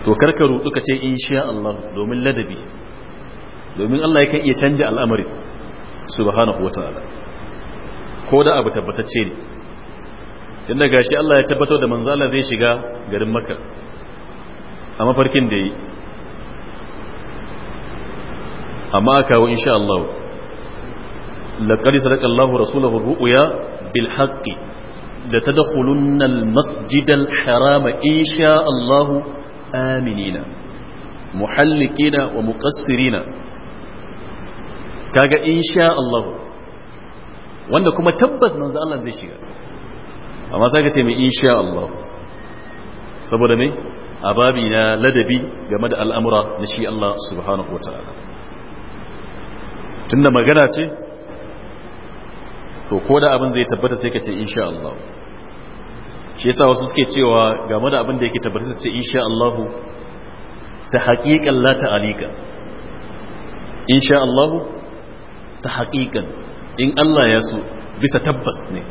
to karka rutu ka ce insha Allah domin ladabi domin Allah yakan iya canja al'amari subhanahu wata'ala ko da abu tabbatacce ne inda gashi Allah ya tabbatar da manzala zai shiga garin Makka a mafarkin da yi amma kawo insha Allah laqad sadaqa Allah rasulahu ru'ya bil haqqi da ta al masjid al haram insha Allah aminina muhallikina wa muƙassirina kaga insha Allah wanda kuma tabbas manzo Allah zai shiga amma sai ka ce mai insha Allah saboda ne a babi na ladabi game da al'amura na shi Allah subhanahu wataala tunda magana ce to ko da abin zai tabbata sai ka ce insha Allah shi yasa wasu suke cewa game da abin da yake tabbata sai ce insha Allah ta haƙiƙan la ta'alika insha Allah ta haƙiƙan in Allah ya so bisa tabbas ne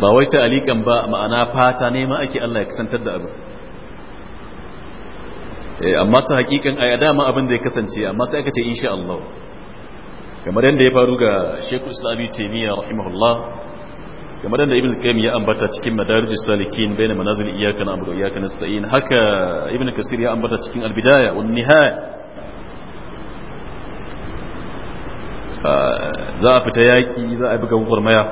ba wai ta alikan ba ma'ana fata ne ma ake Allah ya kasantar da abin eh, amma ta haƙiƙan a dama abin da ya kasance amma sai aka ce insha Allah kamar yadda ya faru ga Sheikh Islami Taymiyyah rahimahullah kamar yadda Ibn Qayyim ya ambata cikin Madarij salikin bayna manazil iyyaka na'budu wa iyyaka nasta'in haka Ibn Kasir ya ambata cikin Al-Bidaya wan Nihaya za a fita yaki za a buga gwagwarmaya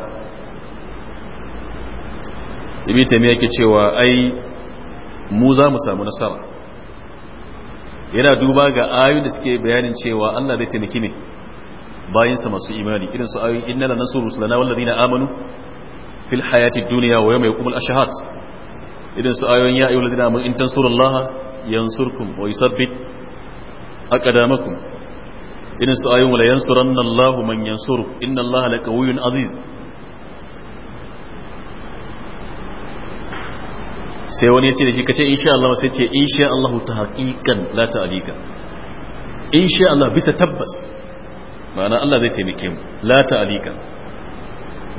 ibi ta yake cewa ai mu za mu samu nasara yana duba ga ayoyin da suke bayanin cewa allah zai taimaki ne bayansa masu imani irin su ayu inna lanasu rusulana wallazina amanu fil hayati dunya wa yawma yaqumul ashhad irin su ayoyin ya ayyuhallazina amanu in tansurullaha yansurkum wa yusabbit aqdamakum irin su ayyun wala yansuranna Allahu man yansuru inna Allaha laqawiyyun aziz sai wani ya ce da shi kace insha Allah sai ce insha Allah ta haqiqan la alika insha Allah bisa tabbas ma'ana Allah zai taimake mu la alika.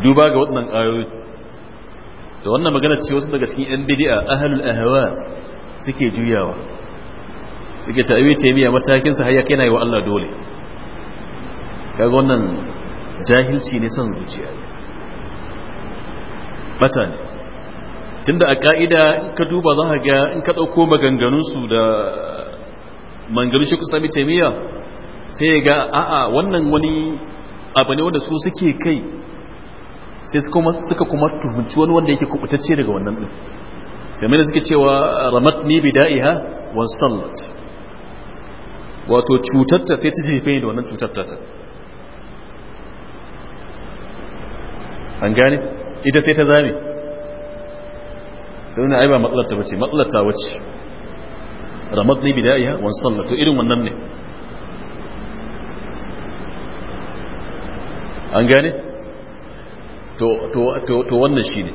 duba ga waɗannan ayoyi da wannan magana ce wasu daga cikin yan bid'a ahlul ahwa suke juyawa suke ta ayoyi taimiya matakin sa har ya kai na yi wa Allah dole kaga wannan jahilci ne son zuciya bata ne tunda a ka'ida in ka duba za ka ga in ka ɗauko maganganunsu da maganganun shi kusa mitemiya sai ga a'a wannan wani abu ne wanda su suke kai sai suka kuma tuhunci wani wanda yake kubutacce daga wannan ɗin. game da suke cewa ramat ni bida'iha wa sallat wato cutar ta sai ta jefe da wannan cutar ta an gane ita sai ta zame da wani aiba matsalar ta bace matsalar ta wace ramat ne bida'iya wani sallah to irin wannan ne an gane to wannan shi ne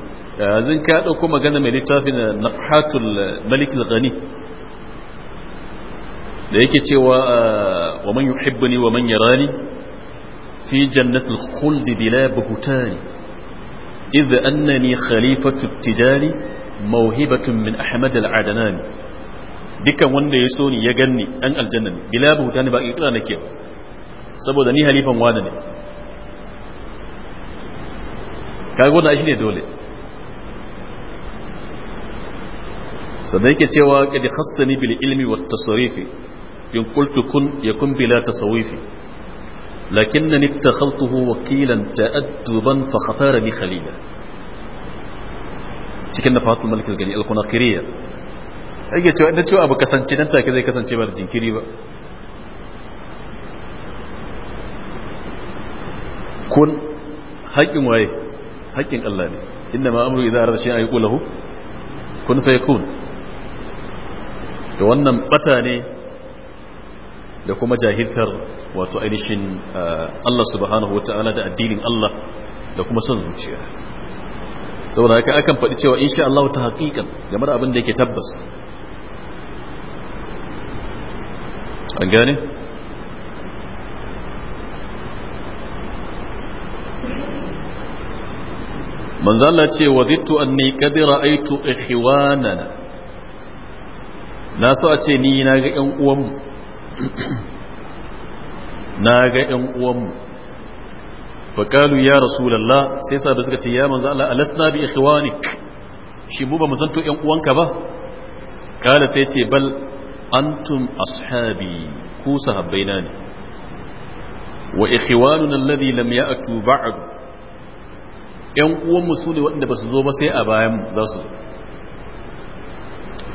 zan ka ɗauko magana mai littafin nafhatul malik al-ghani da yake cewa wa man yuhibbuni wa man yarani fi jannatul khuld bila buhtani إذ أنني خليفة التجاري موهبة من أحمد العدناني dukan wanda ya so ni ya ganni ɗan aljanna ne bila bauta ne ba ƙirƙira nake saboda ni halifan wani ne kaga wannan shi ne dole sannan yake cewa kad khassani bil ilmi wat tasrifi in qultu kun yakun bila tasawufi لكنني اتخذته وكيلا تأدبا فخطار لي خليلا cikin da fatul malikin gani alkunakiriya ake cewa na cewa abu kasance nan take zai kasance ba da jinkiri ba kun haƙƙin waye haƙƙin Allah ne inda ma amuru idan arzashin a yi ƙulahu kun fai kun da wannan ɓata ne da kuma jahiltar wato ainihin eh, Allah subhanahu wata'ala da addinin Allah da kuma son zuciya saboda haka akan faɗi cewa insha Allah ta haƙiƙan game da abin da yake tabbas an gane manzo Allah ce wadittu anni qad ra'aytu ikhwanana na so a ce ni na ga ƴan uwanmu na ga ‘yan uwanmu faƙalu ya rasulallah sai sa da suka ce ya manzo Allah alasna bi ikhwanik shi mu ba mu zanto ƴan uwanka ba kala sai ce bal antum ashabi ku sahabbaina ne wa ikhwanuna alladhi lam ya'tu ba'd Ƴan uwanmu su ne waɗanda ba su zo ba sai a bayan za su zo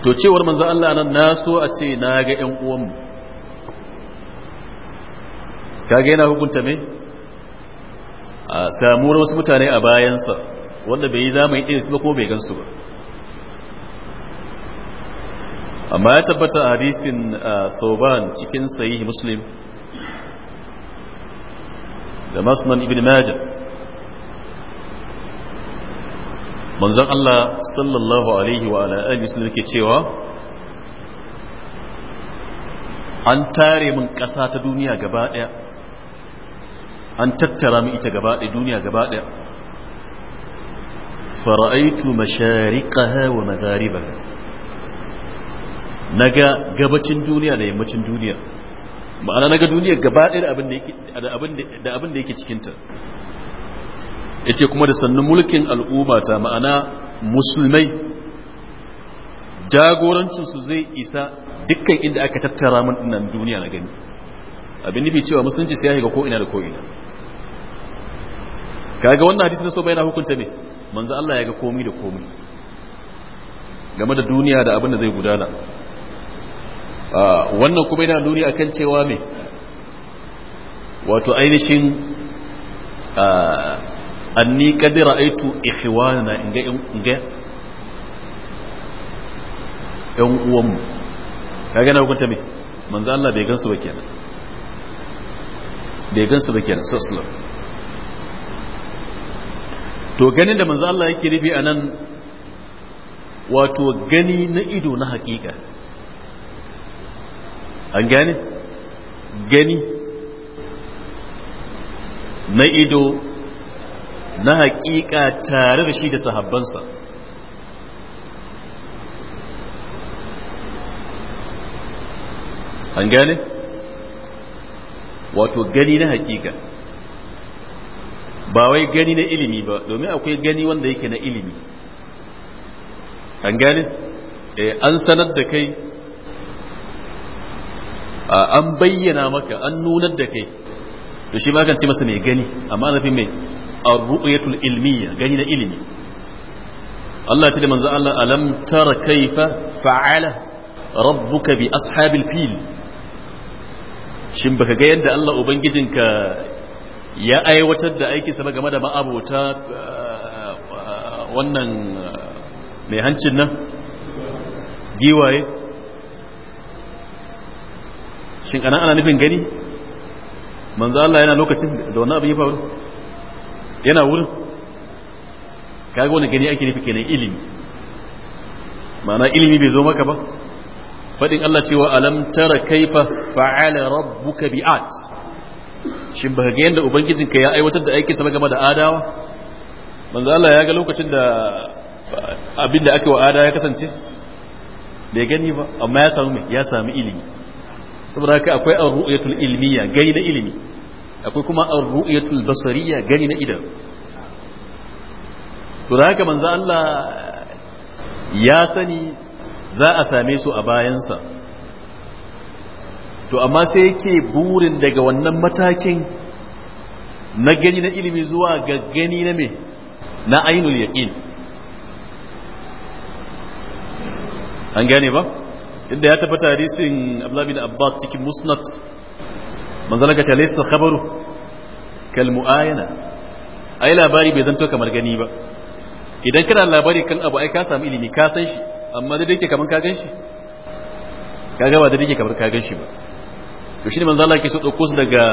to cewar manzo Allah nan na so a ce na ga ‘yan uwanmu kaga yana hukunta me a samuwar wasu mutane a bayansa wanda bai yi zamani irin ba ko bai gansu ba amma ya tabbata a hadisin Thawban cikin sahihi Muslim da Masnan ibn Majah manzon Allah sallallahu alaihi wa ala alihi wasallam yake cewa an tare min ƙasa ta duniya gaba ɗaya an tattara mu ita gaba ɗaya duniya gaba ɗaya fara'aitu mashariqaha wa Na naga gabacin duniya da yammacin duniya ma'ana naga duniya gaba ɗaya da abin da yake da abin da yake cikin ta yace kuma da sannan mulkin al'umma ta ma'ana musulmai jagorancin su zai isa dukkan inda aka tattara mun dinnan duniya na gani abin nufi cewa musulunci sai ya shiga ko ina da ko ina kaga wannan hadisi na so bai na hukunta ne manzo Allah ya ga komai da komai game da duniya da abin da zai gudana wannan kuma yana nuni akan cewa me wato ainihin anni kadira aitu ikhwana inga inga yan uwanmu kaga na hukunta me manzo Allah bai gansu ba kenan bai gansu ba kenan sallallahu to ganin da manzo Allah yake nufi a nan wato gani na ido na hakika an gane gani na ido na hakika tare da shi da sahabbansa an gane wato gani na hakika ba wai gani na ilimi ba domin akwai gani wanda yake na ilimi an gane eh, an sanar da kai an bayyana maka an nunar da kai to shi ce masa mai gani amma na mai arru'yatul ilmiya gani na ilimi Allah ce da manzo Allah alam tara kaifa fa'ala rabbuka bi ashabil fil shin baka ga yadda Allah ubangijinka ya aiwatar da aikinsa na game da ma'abota uh, uh, wannan uh, mai hancin nan giwaye shin anan ana nufin gani manzo Allah yana lokacin da wannan abu ya faru yana wurin kaga wani gani ake nufi kenan ilimi ma'ana ilimi bai zo maka ba faɗin Allah cewa alam tara kaifa fa'ala rabbuka bi'at shi ba ga yadda ubangijinka ya aiwatar da aiki sama game da adawa manzo Allah ya ga lokacin da abin da aka wa ada ya kasance bai gani ba amma ya samu ya sami ilimi saboda haka akwai ar-ru'yatul ilmiya gani na ilimi akwai kuma ar-ru'yatul basariya gani na idan to da haka manzo Allah ya sani za a same su a bayansa to amma sai yake burin daga wannan matakin na gani na ilimi zuwa ga gani na me na ainul yaqin an gane ba inda ya tabbata hadisin Abdullah bin Abbas cikin Musnad Manzana ga na khabaru kal muayana ai labari bai zanto kamar gani ba idan kana labari kan abu ai ka samu ilimi ka san shi amma da dake kamar ka gan shi kaga ba da dake kamar ka gan shi ba to shi ne manzo Allah yake so dauko su daga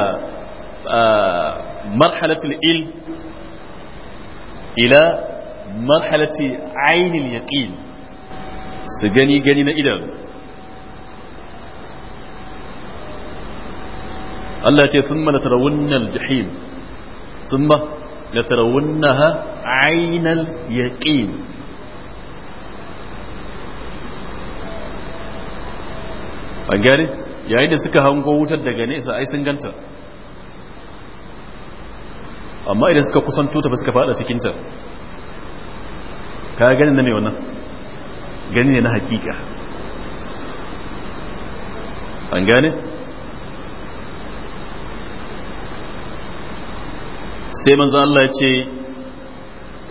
marhalatul il ila marhalati ainil yaqin su gani gani na idan Allah ya ce thumma latarawunnal jahim thumma ba la tarawunnaha ainal yaqin a gane yayin da suka hango wutar daga nesa ai sun ganta amma idan suka kusanto ta ba suka fada cikinta ka gani na mai wannan gani ne na hakika an gane sai manzo Allah ya ce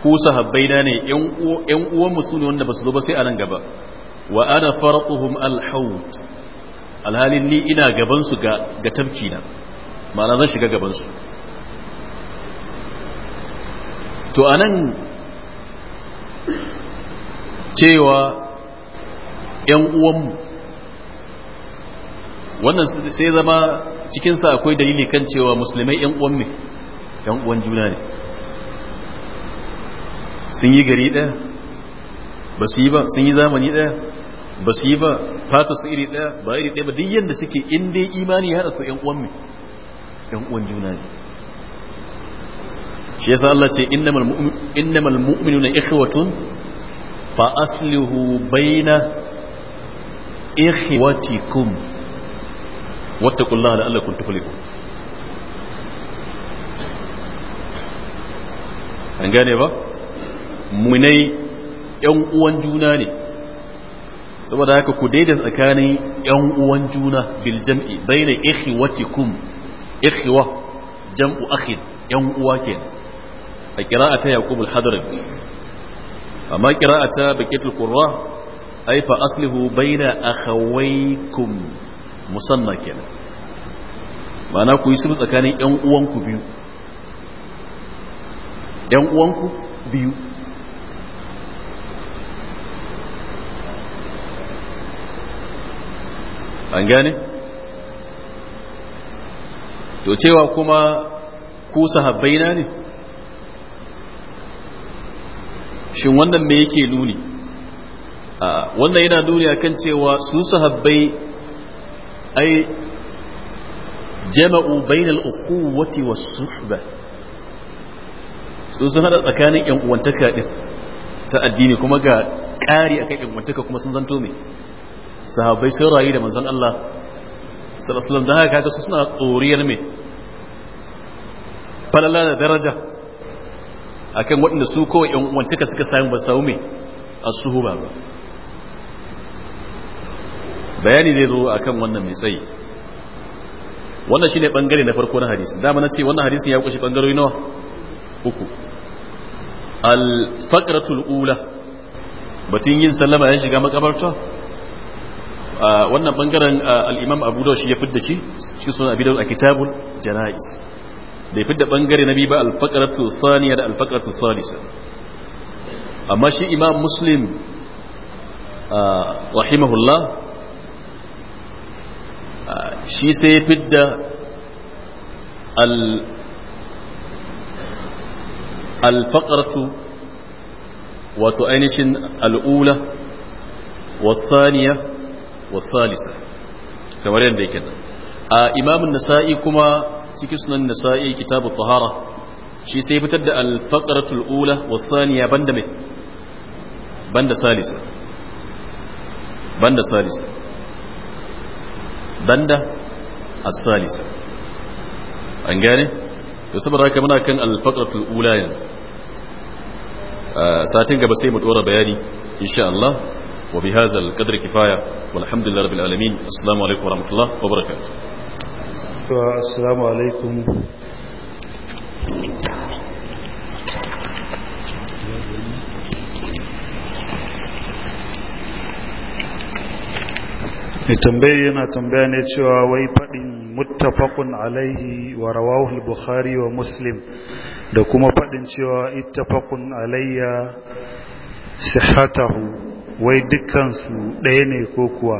ku sahabbai da ne ƴan uwan mu sune wanda ba su zo ba sai a nan gaba wa ana farquhum al-hawd alhalin ni ina gabansu ga tafki na ma'ana zan shiga gabansu to anan cewa ‘yan uwanmu wannan sai zama cikinsa akwai dalili kan cewa musulmai ‘yan uwan mai ‘yan uwan juna ne sun yi gari ɗaya ba su yi ba sun yi zamani ɗaya ba su yi ba fata su iri ɗaya, ba iri ɗaya ba duk yadda suke in dai imani ya rasu yan uwan mu yan uwan juna ne shi yasa Allah ce innamal mu'min na mu'minuna ikhwatun fa aslihu baina ikhwatikum Allah la'allakum tuflihun an gane ba munai yan uwan juna ne saboda haka ku daida tsakanin yan uwan juna bil jam'i baina ikhwatikum ikhwa jam'u akhin yan uwa ke a qira'ata yaqub al hadrami amma qira'ata baqitul qurra ay fa aslihu baina akhawaykum musanna kenan ma'ana ku yi sulhu tsakanin yan biyu yan uwanku biyu an gane to cewa kuma ku na ne shin wannan me yake nuni wannan yana nuni akan cewa su sahabbai ai jama'u bainal ukhuwati was suhba sun sun hada tsakanin yan uwantaka din ta addini kuma ga kari akan yan uwantaka kuma sun zanto me sahabbai sun rayu da manzon Allah sallallahu alaihi wasallam haka su suna tsoriyar me falala da daraja akan waɗanda su kawai yan uwantaka suka samu ba sau me as-suhuba ba bayani zai zo akan wannan mai tsayi wannan shine bangare na farko na hadisi dama na ce wannan hadisin ya kushi bangarori nawa uku al-faqratul ula batun yin sallama ya shiga makabarta wannan bangaren al'imam abu dawud shi ya fidda shi cikin sunan a kitabul janais ya fidda bangare na biyu ba alfakaratu Saniya da alfakaratu Salisa. amma shi imam muslim rahimahullah shi sai ya fidda al wato ainihin al'ula wa Saniya. wa thalitha kamar yadda yake nan a imamun nasa'i kuma cikin sunan nasa'i kitabu tahara shi sai fitar da al-faqratul ula banda salisa banda salisa banda as-salisa an gane to saboda haka muna kan al-faqratul yanzu satin gaba sai mu dora bayani insha Allah وبهذا القدر كفاية والحمد لله رب العالمين السلام عليكم ورحمة الله وبركاته السلام عليكم mai tambayi yana tambaya ne cewa wai faɗin muttafaqun alaihi wa rawahu bukhari wa muslim da kuma faɗin cewa ittafaqun alayya sihhatahu wai dukkansu ɗaya ne ko kuwa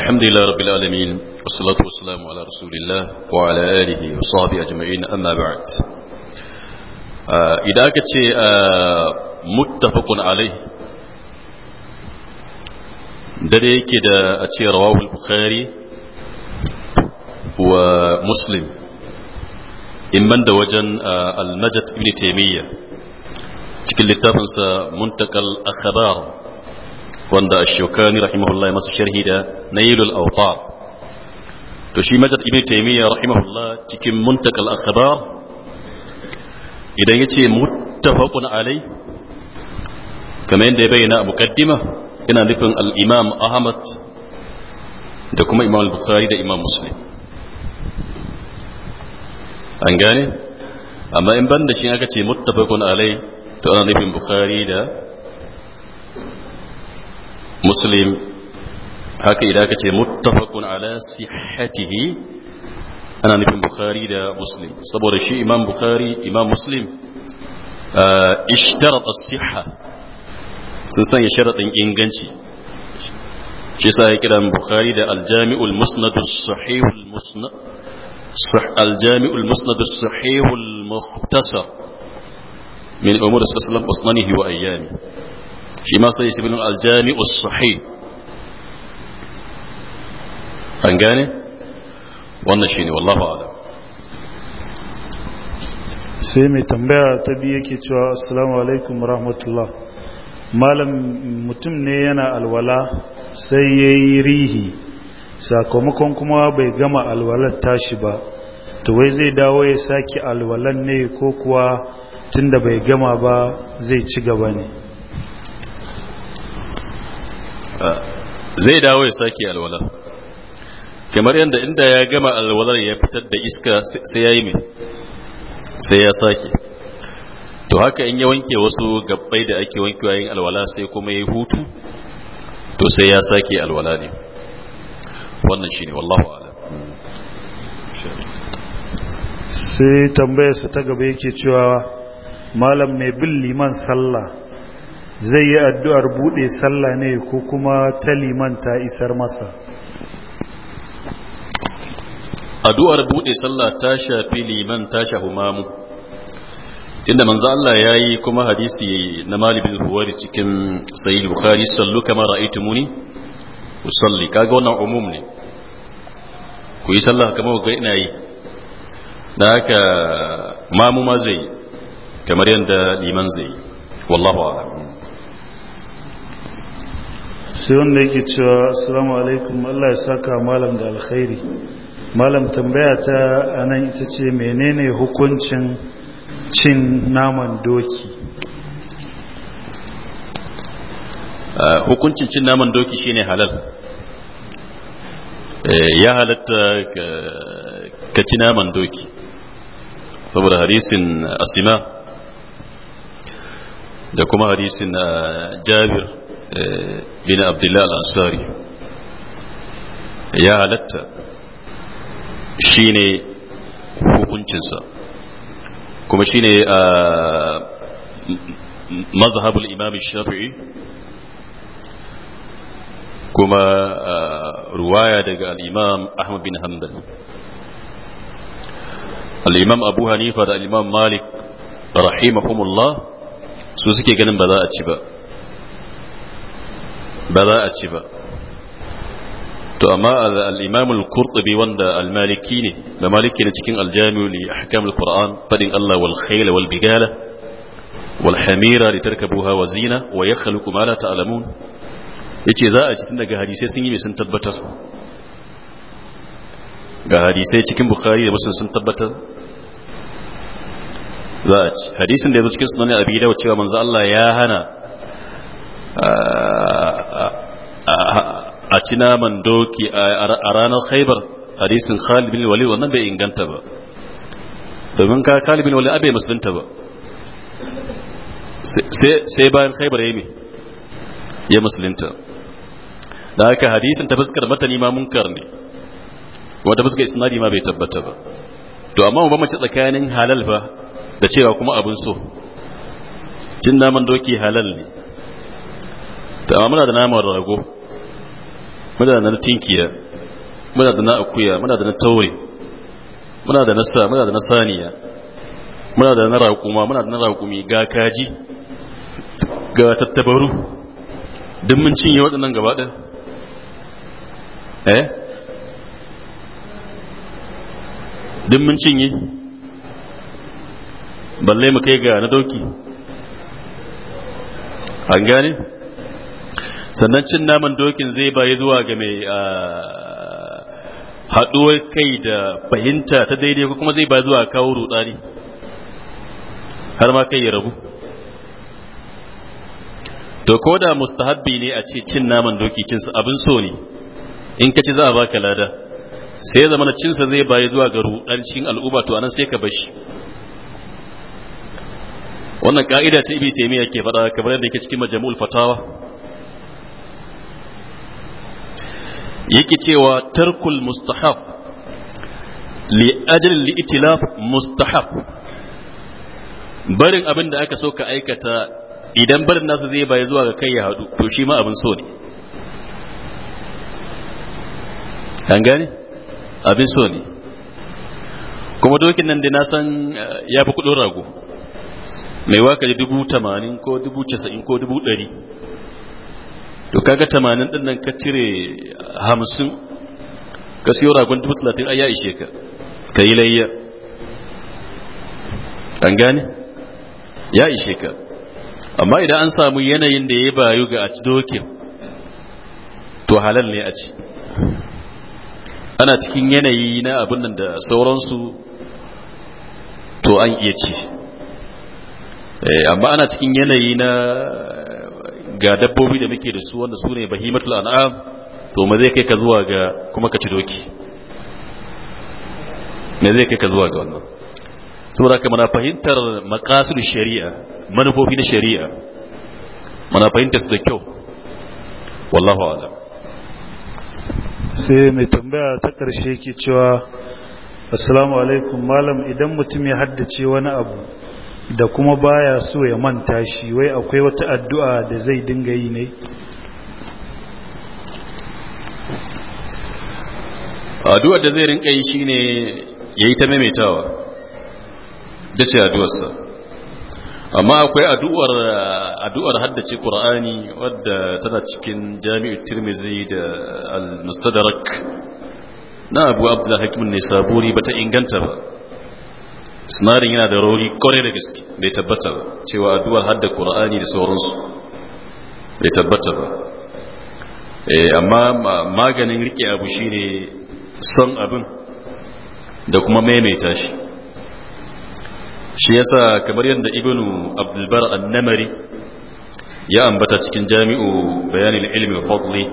الحمد لله رب العالمين والصلاة والسلام على رسول الله وعلى آله وصحبه أجمعين أما بعد إذا كنت متفق عليه دري كده أتي رواه البخاري ومسلم in ban da wajen almajat ibn taimiyya cikin littafinsa muntakal akhbar wanda shokani rahimahullah masu sharhi da nailul awtar to shi majat ibn taimiyya rahimahullah cikin muntakal akhbar idan yace muttafaqun alai kamar yadda ya bayyana a muqaddima yana nufin al-imam ahmad da kuma imam al-bukhari da imam muslim an gane amma in banda shi aka ce muttafaqun alai to ana nufin bukhari da muslim haka idan aka ce muttafaqun ala sihhatihi ana nufin bukhari da muslim saboda shi imam bukhari imam muslim ishtarat as-sihha sun sanya sharadin inganci shi sa ya kira bukhari da al-jami'ul musnad as-sahih al-musnad صح الجامع المسند الصحيح المختصر من أمور السلام أصنانه وأيامه فيما سيسبن الجامع الصحيح فانقاني والنشيني والله أعلم سيمي تنبيع تبيكي تشوى السلام عليكم ورحمة الله ما لم متمنينا الولا سيريه sakamakon kuma bai gama alwalar tashi ba to wai zai dawo ya sake alwalar ne ko kuwa tunda bai gama ba zai ci gaba ne zai dawo ya sake alwalar kamar yadda inda ya gama alwalar ya fitar da iska sai ya yi mai sai ya sake to haka in ya wanke wasu gabbai da ake wankewa yin alwala sai kuma ya hutu to sai ya sake alwala ne wannan shine wallahu a'lam sai tambayar su ta gaba yake cewa malam mai bin liman sallah zai yi addu'ar bude sallah ne ko kuma ta liman ta isar masa addu'ar bude sallah ta shafi liman ta shafi mamu inda manzo Allah yayi kuma hadisi na malamin bin cikin Sahih Bukhari sallu kama ra'aytumuni usalli kaga wannan umum ne ku yi sallah kamar ga ina yi da haka mamu ma zai kamar yadda liman zai wallahu a'lam sai wanda yake cewa assalamu alaikum Allah ya saka malam da alkhairi malam tambaya ta anan ita ce menene hukuncin cin naman doki Eh, hukuncin cin naman doki shine halal eh, ya halatta ka ci naman doki saboda hadisin eh, asima da kuma hadisin jabir bin abdullahi al ya halatta shine hukuncinsa kuma shine mazhabul imam shafi'i kuma ruwaya daga al'imam Ahmad bin Hanbal al'imam Abu Hanifa da al'imam Malik rahimahumullah su suke ganin ba za a ci ba ba za a ci ba to amma al-imam al-qurtubi wanda al-maliki ne da maliki ne cikin al-jami' li ahkam al-qur'an fadin Allah wal khayl wal bigala wal hamira litarkabuha wa zina wa yakhluqu ma la ta'lamun ce za a cikin daga hadisai sun yi mai sun tabbatar ga hadisai cikin bukari da musulun sun tabbatar za a ci hadisun da ya zo cikin sunan abi da cewa manzo Allah ya hana a ci naman doki a ranar haibar hadisun khalibin wali wannan bai inganta ba domin ka khalibin wali abai musulunta ba sai bayan haibar ya yi ya musulunta da haka hadisin ta fuskar matani ma munkar ne wata fuskar isnadi ma bai tabbata ba to amma mu mace tsakanin halal ba. da cewa kuma abin so cin naman doki halal ne to amma muna da naman rago muna da na tinkiya muna da na akuya muna da na taure muna da na sa muna da na saniya muna da na raƙuma muna da na raƙumi ga kaji ga tattabaru duk mun cinye waɗannan gaba ɗaya eh duk mun cinye balle mu kai ga na doki an gane sannan cin naman dokin zai bayi zuwa ga mai ah, haɗuwar kai da fahimta ta daidai ko kuma zai bayi zuwa kawo rudani har ma kai ya rabu to ko da mustahabbi ne a ce cin naman doki cin abin so ne in ka ci za a baka lada sai zama na cinsa zai bayi zuwa ga rudancin al'umma to anan sai ka bashi wannan ka'ida ta ibi taimiyya ke faɗa kamar yadda yake cikin majamul fatawa yake cewa tarkul mustahaf li ajal li itilaf mustahaf barin abin da aka so ka aikata idan barin nasu zai bayi zuwa ga kai ya hadu to shi ma abin so ne an gane abin so ne kuma dokin nan da na san eh, ya fi kudin rago mai waka ji dubu tamanin ko dubu casa'in ko dubu dari to kaga tamanin din nan ka cire hamsin ka siyo ragon dubu talatin a ya ishe ka ka yi layya an gane ya ishe ka amma idan an samu yanayin da ya bayu ga a ci dokin to halal ne a ci ana cikin yanayi na abin da sauransu to an iya ci eh, amma ana cikin yanayi na ga dabbobi da muke da su wanda su ne bahimatul an'am to ma zai kai ka zuwa ga kuma ka ci doki me zai kai ka zuwa ga wannan saboda haka muna fahimtar maqasid shari'a manufofi na shari'a muna fahimtar su da kyau wallahu a'lam sai mai tambaya ta ƙarshe ke cewa assalamu alaikum malam idan mutum ya haddace wani abu da kuma baya so ya manta shi wai akwai wata addu'a da zai dinga yi ne addu'a da zai rinka yi shine yayi ta maimaitawa ce addu'arsa amma akwai addu'ar addu'ar haddace qur'ani wadda tana cikin jami'u tirmizi da al-mustadrak na abu abdullah hakim nisaburi bata inganta ba sinarin yana da rauni kwarai da gaske bai tabbata ba cewa addu'ar hadda qur'ani da sauransu bai tabbata ba eh, amma maganin rike abu shine son abin da kuma maimaita shi shi yasa kamar yadda ibnu abdulbar annamari ya ambata cikin jami'u bayanin ilmi fadli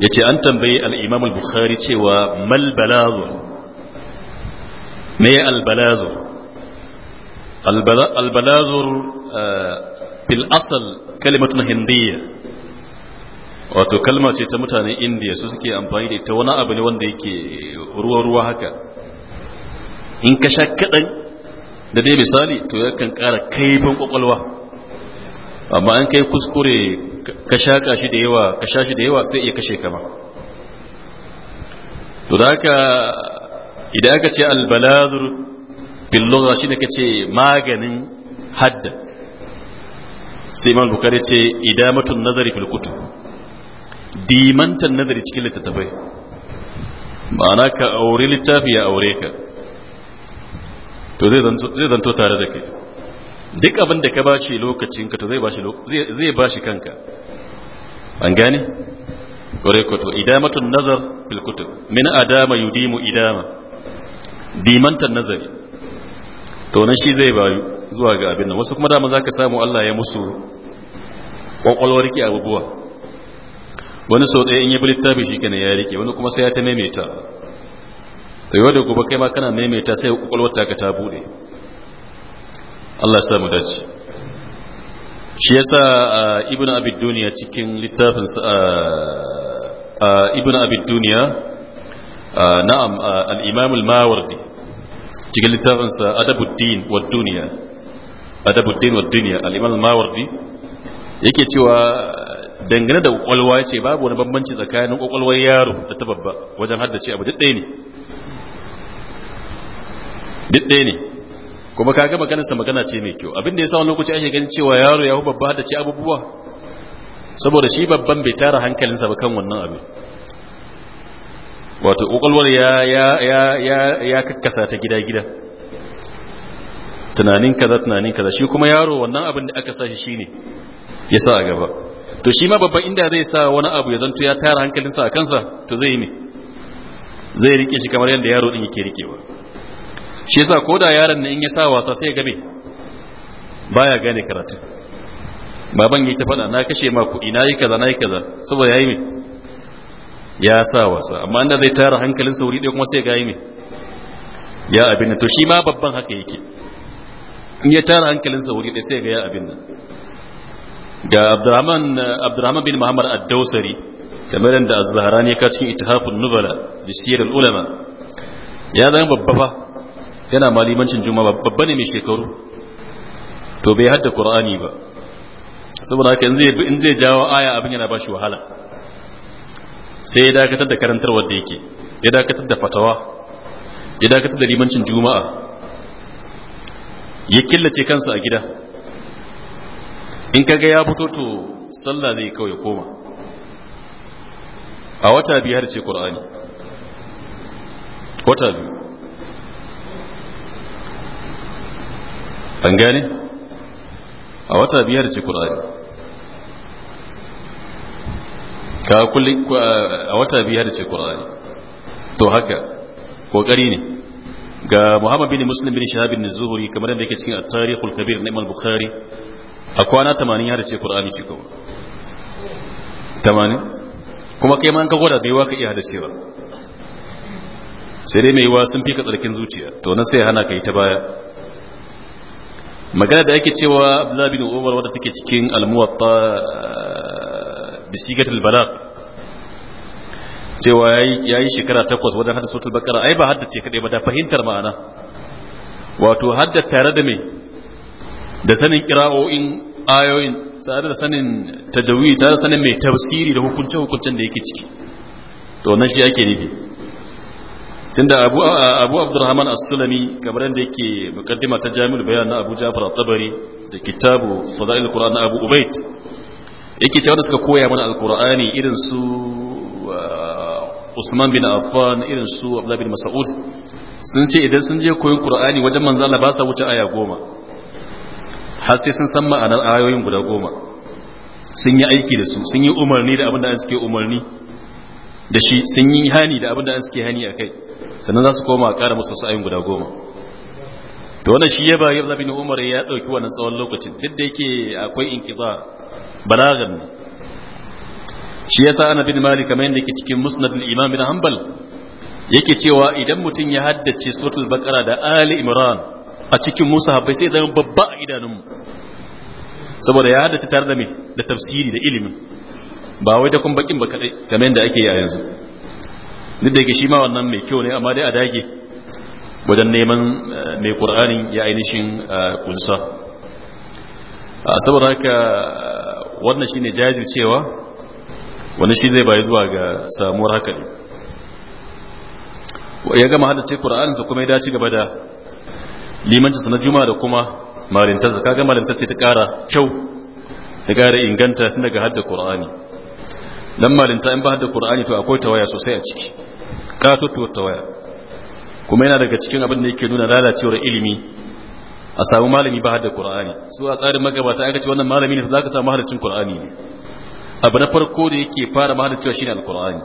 ya ce an tambayi al'imam bukhari cewa malbalazur ne albalazur albalazur eh, fil asal kalimatun Hindiya wato kalma ce ta mutanen indiya su suke amfani da ita wani abu ne wanda yake ruwa-ruwa haka in ka sha kaɗai. da dai misali to yakan ƙara kaifin ƙwaƙwalwa amma an kai kuskure ka shaƙa shi da yawa ka sha shi da yawa sai iya kashe ka ba to da haka idan aka ce albalazur bil lugha ka ce maganin hadda sai man bukari ce idamatun nazari fil kutub dimantan nazari cikin littattafai ma'ana ka aure littafi ya aure ka to zai zanto tare da kai duk abin da ka ba shi ka to zai ba shi kanka an gane ƙwarai kwato idamatun nazar filkutu min adama yudimu idama dimantar nazari to nan shi zai bayu zuwa ga abin nan wasu kuma dama za ka samu allah ya musu ƙwaƙwalwa rike abubuwa wani sau ɗaya in yi bi littafi shi kenan ya rike wani kuma sai ya ta maimaita to yau da gobe kai ma kana maimaita sai kwakwalwar ka ta bude Allah ya samu dace shi yasa ibnu abid duniya cikin littafin ibnu abid duniya na'am al-imam al-mawardi cikin littafin sa adabuddin wad duniya adabuddin wa duniya al-imam al-mawardi yake cewa dangane da kwakwalwa ce babu wani bambanci tsakanin kwakwalwar yaro da ta babba wajen haddace abu duk ɗaya ne duk ɗaya ne kuma ka ga maganarsa magana ce mai kyau abinda ya sa wani lokaci ake ganin cewa yaro ya babba da ci abubuwa saboda shi babban bai tara hankalinsa ba kan wannan abin wato ƙwaƙwalwar ya ya ya ya ya kakkasa ta gida-gida tunanin kaza tunanin kaza shi kuma yaro wannan abin da aka sa shi shine ya sa a gaba to shi ma babban inda zai sa wani abu ya zanto ya tara hankalinsa a kansa to zai yi ne zai rike shi kamar yadda yaro din yake rikewa shi yasa ko da yaron nan in ya sa wasa sai ya game baya gane karatu baban yi ta faɗa na kashe ma kuɗi na yi kaza na yi kaza saboda ya yi me ya sa wasa amma inda zai tara hankalin sauri ɗaya kuma sai ga yi me ya abin nan to shi ma babban haka yake in ya tara hankalin sauri ɗaya sai ga ya abin nan ga abdurrahman abdurrahman bin muhammad ad-dawsari kamar da az-zahrani ya kace cikin ittihafun nubala bi sirr ulama ya zama babba fa yana ma limancin juma'a babba ne mai shekaru to bai hadda qur'ani ba saboda haka in zai jawo aya abin yana bashi wahala sai ya dakatar da karantarwar da yake ya dakatar da fatawa ya dakatar da limancin juma'a ya killace kansa a gida in kaga ya fito to sallah zai kawai koma a wata biyar ce qur'ani wata biyu an gane a wata biyar ce kur'ani ka kulli a wata biyar ce kur'ani to haka kokari ne ga muhammad bin muslim bin shahab bin zuhuri kamar yadda yake cikin at-tarikhul kabir na imam bukhari a kwana 80 ya ce kur'ani shi kuma 80 kuma kai ma an ka gwada bai waka iya hadacewa sai dai mai yiwa sun fi ka tsarkin zuciya to na sai hana ka yi ta baya magana da ake cewa abdullahi bin umar wadda take cikin almuwatta eh, bisigatul balagh cewa yayi shekara takwas wajen hadda sautul bakara ai ba hadda ce kadai ba da fahimtar ma'ana wato hadda tare da mai da sanin kira'o'in ayoyin tare da sanin tajawi tare da sanin mai tafsiri da hukunce hukuncen da yake ciki to wannan shi ake nufi tunda abu abu abdurrahman as-sulami kamar yadda yake mukaddima ta jami'ul bayan na abu jafar at-tabari da kitabu fadail qur'an na abu ubayd yake cewa suka koya mana Al-Qur'ani, irin su uh, usman bin affan irin su abdullah bin mas'ud sun ce idan sun je koyon qur'ani wajen manzo Allah ba sa wuce aya goma har sai sun san ma'anar ayoyin guda goma sun yi aiki da su sun yi umarni da abin da suke umarni da shi sun yi hani da abin da suke hani a kai sannan za su koma kara musu sa'ayin ayin guda goma to wannan shi ya bayi ibn umar ya dauki wannan tsawon lokacin duk da yake akwai inqida balagan ne shi yasa ana bin malik kamar yadda yake cikin musnad al-imam bin hanbal yake cewa idan mutum ya haddace suratul bakara da ali imran a cikin musa habai sai zama babba a idanunmu saboda ya haddace tare da me da tafsiri da ilimi ba wai da kun bakin ba kadai kamar yadda ake yi a yanzu duk da yake shi ma wannan mai kyau ne amma dai a dage wajen neman eh, mai ƙur'anin ya ainihin eh, kunsa ah, saboda haka eh, wannan ne jajircewa wani shi zai bayi zuwa ga samuwar haka ne ya gama haddace ƙur'aninsa kuma ya dace gaba da limancinsa na juma da kuma malintarsa kaga malintar sai ta ƙara kyau ta ƙara inganta tun daga hadda ƙur'ani dan malinta in ba hadda ƙur'ani to akwai tawaya sosai a ciki katotuwar tawaya kuma yana daga cikin abin da yake nuna lalacewar ilimi a samu malami ba da qur'ani su a tsarin magabata aka ce wannan malami ne za ka samu mahalicin qur'ani ne abu na farko da yake fara mahaliccewa shine alqur'ani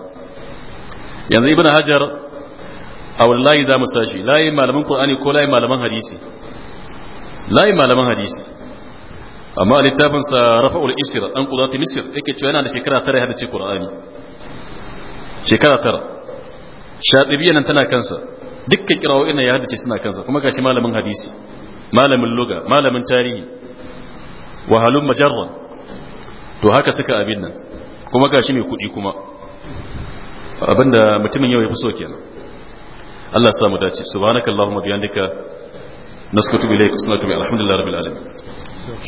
yanzu ibn hajar a wallahi za mu sashi layin malaman qur'ani ko layin malaman hadisi layin malaman hadisi amma a littafinsa rafa'ul isra an qudati misr yake cewa yana da shekara tara ya hadace qur'ani shekara tara shatibiya nan tana kansa dukkan kirawo ina ya haddace suna kansa kuma gashi malamin hadisi malamin luga malamin tarihi wahalun majarran to haka suka abin nan kuma gashi mai kuɗi kuma abinda mutumin yau ya fi so kenan Allah samu dace subhanakallahumma bihamdika naskutu bilayka sunatu bi alhamdulillahi rabbil alamin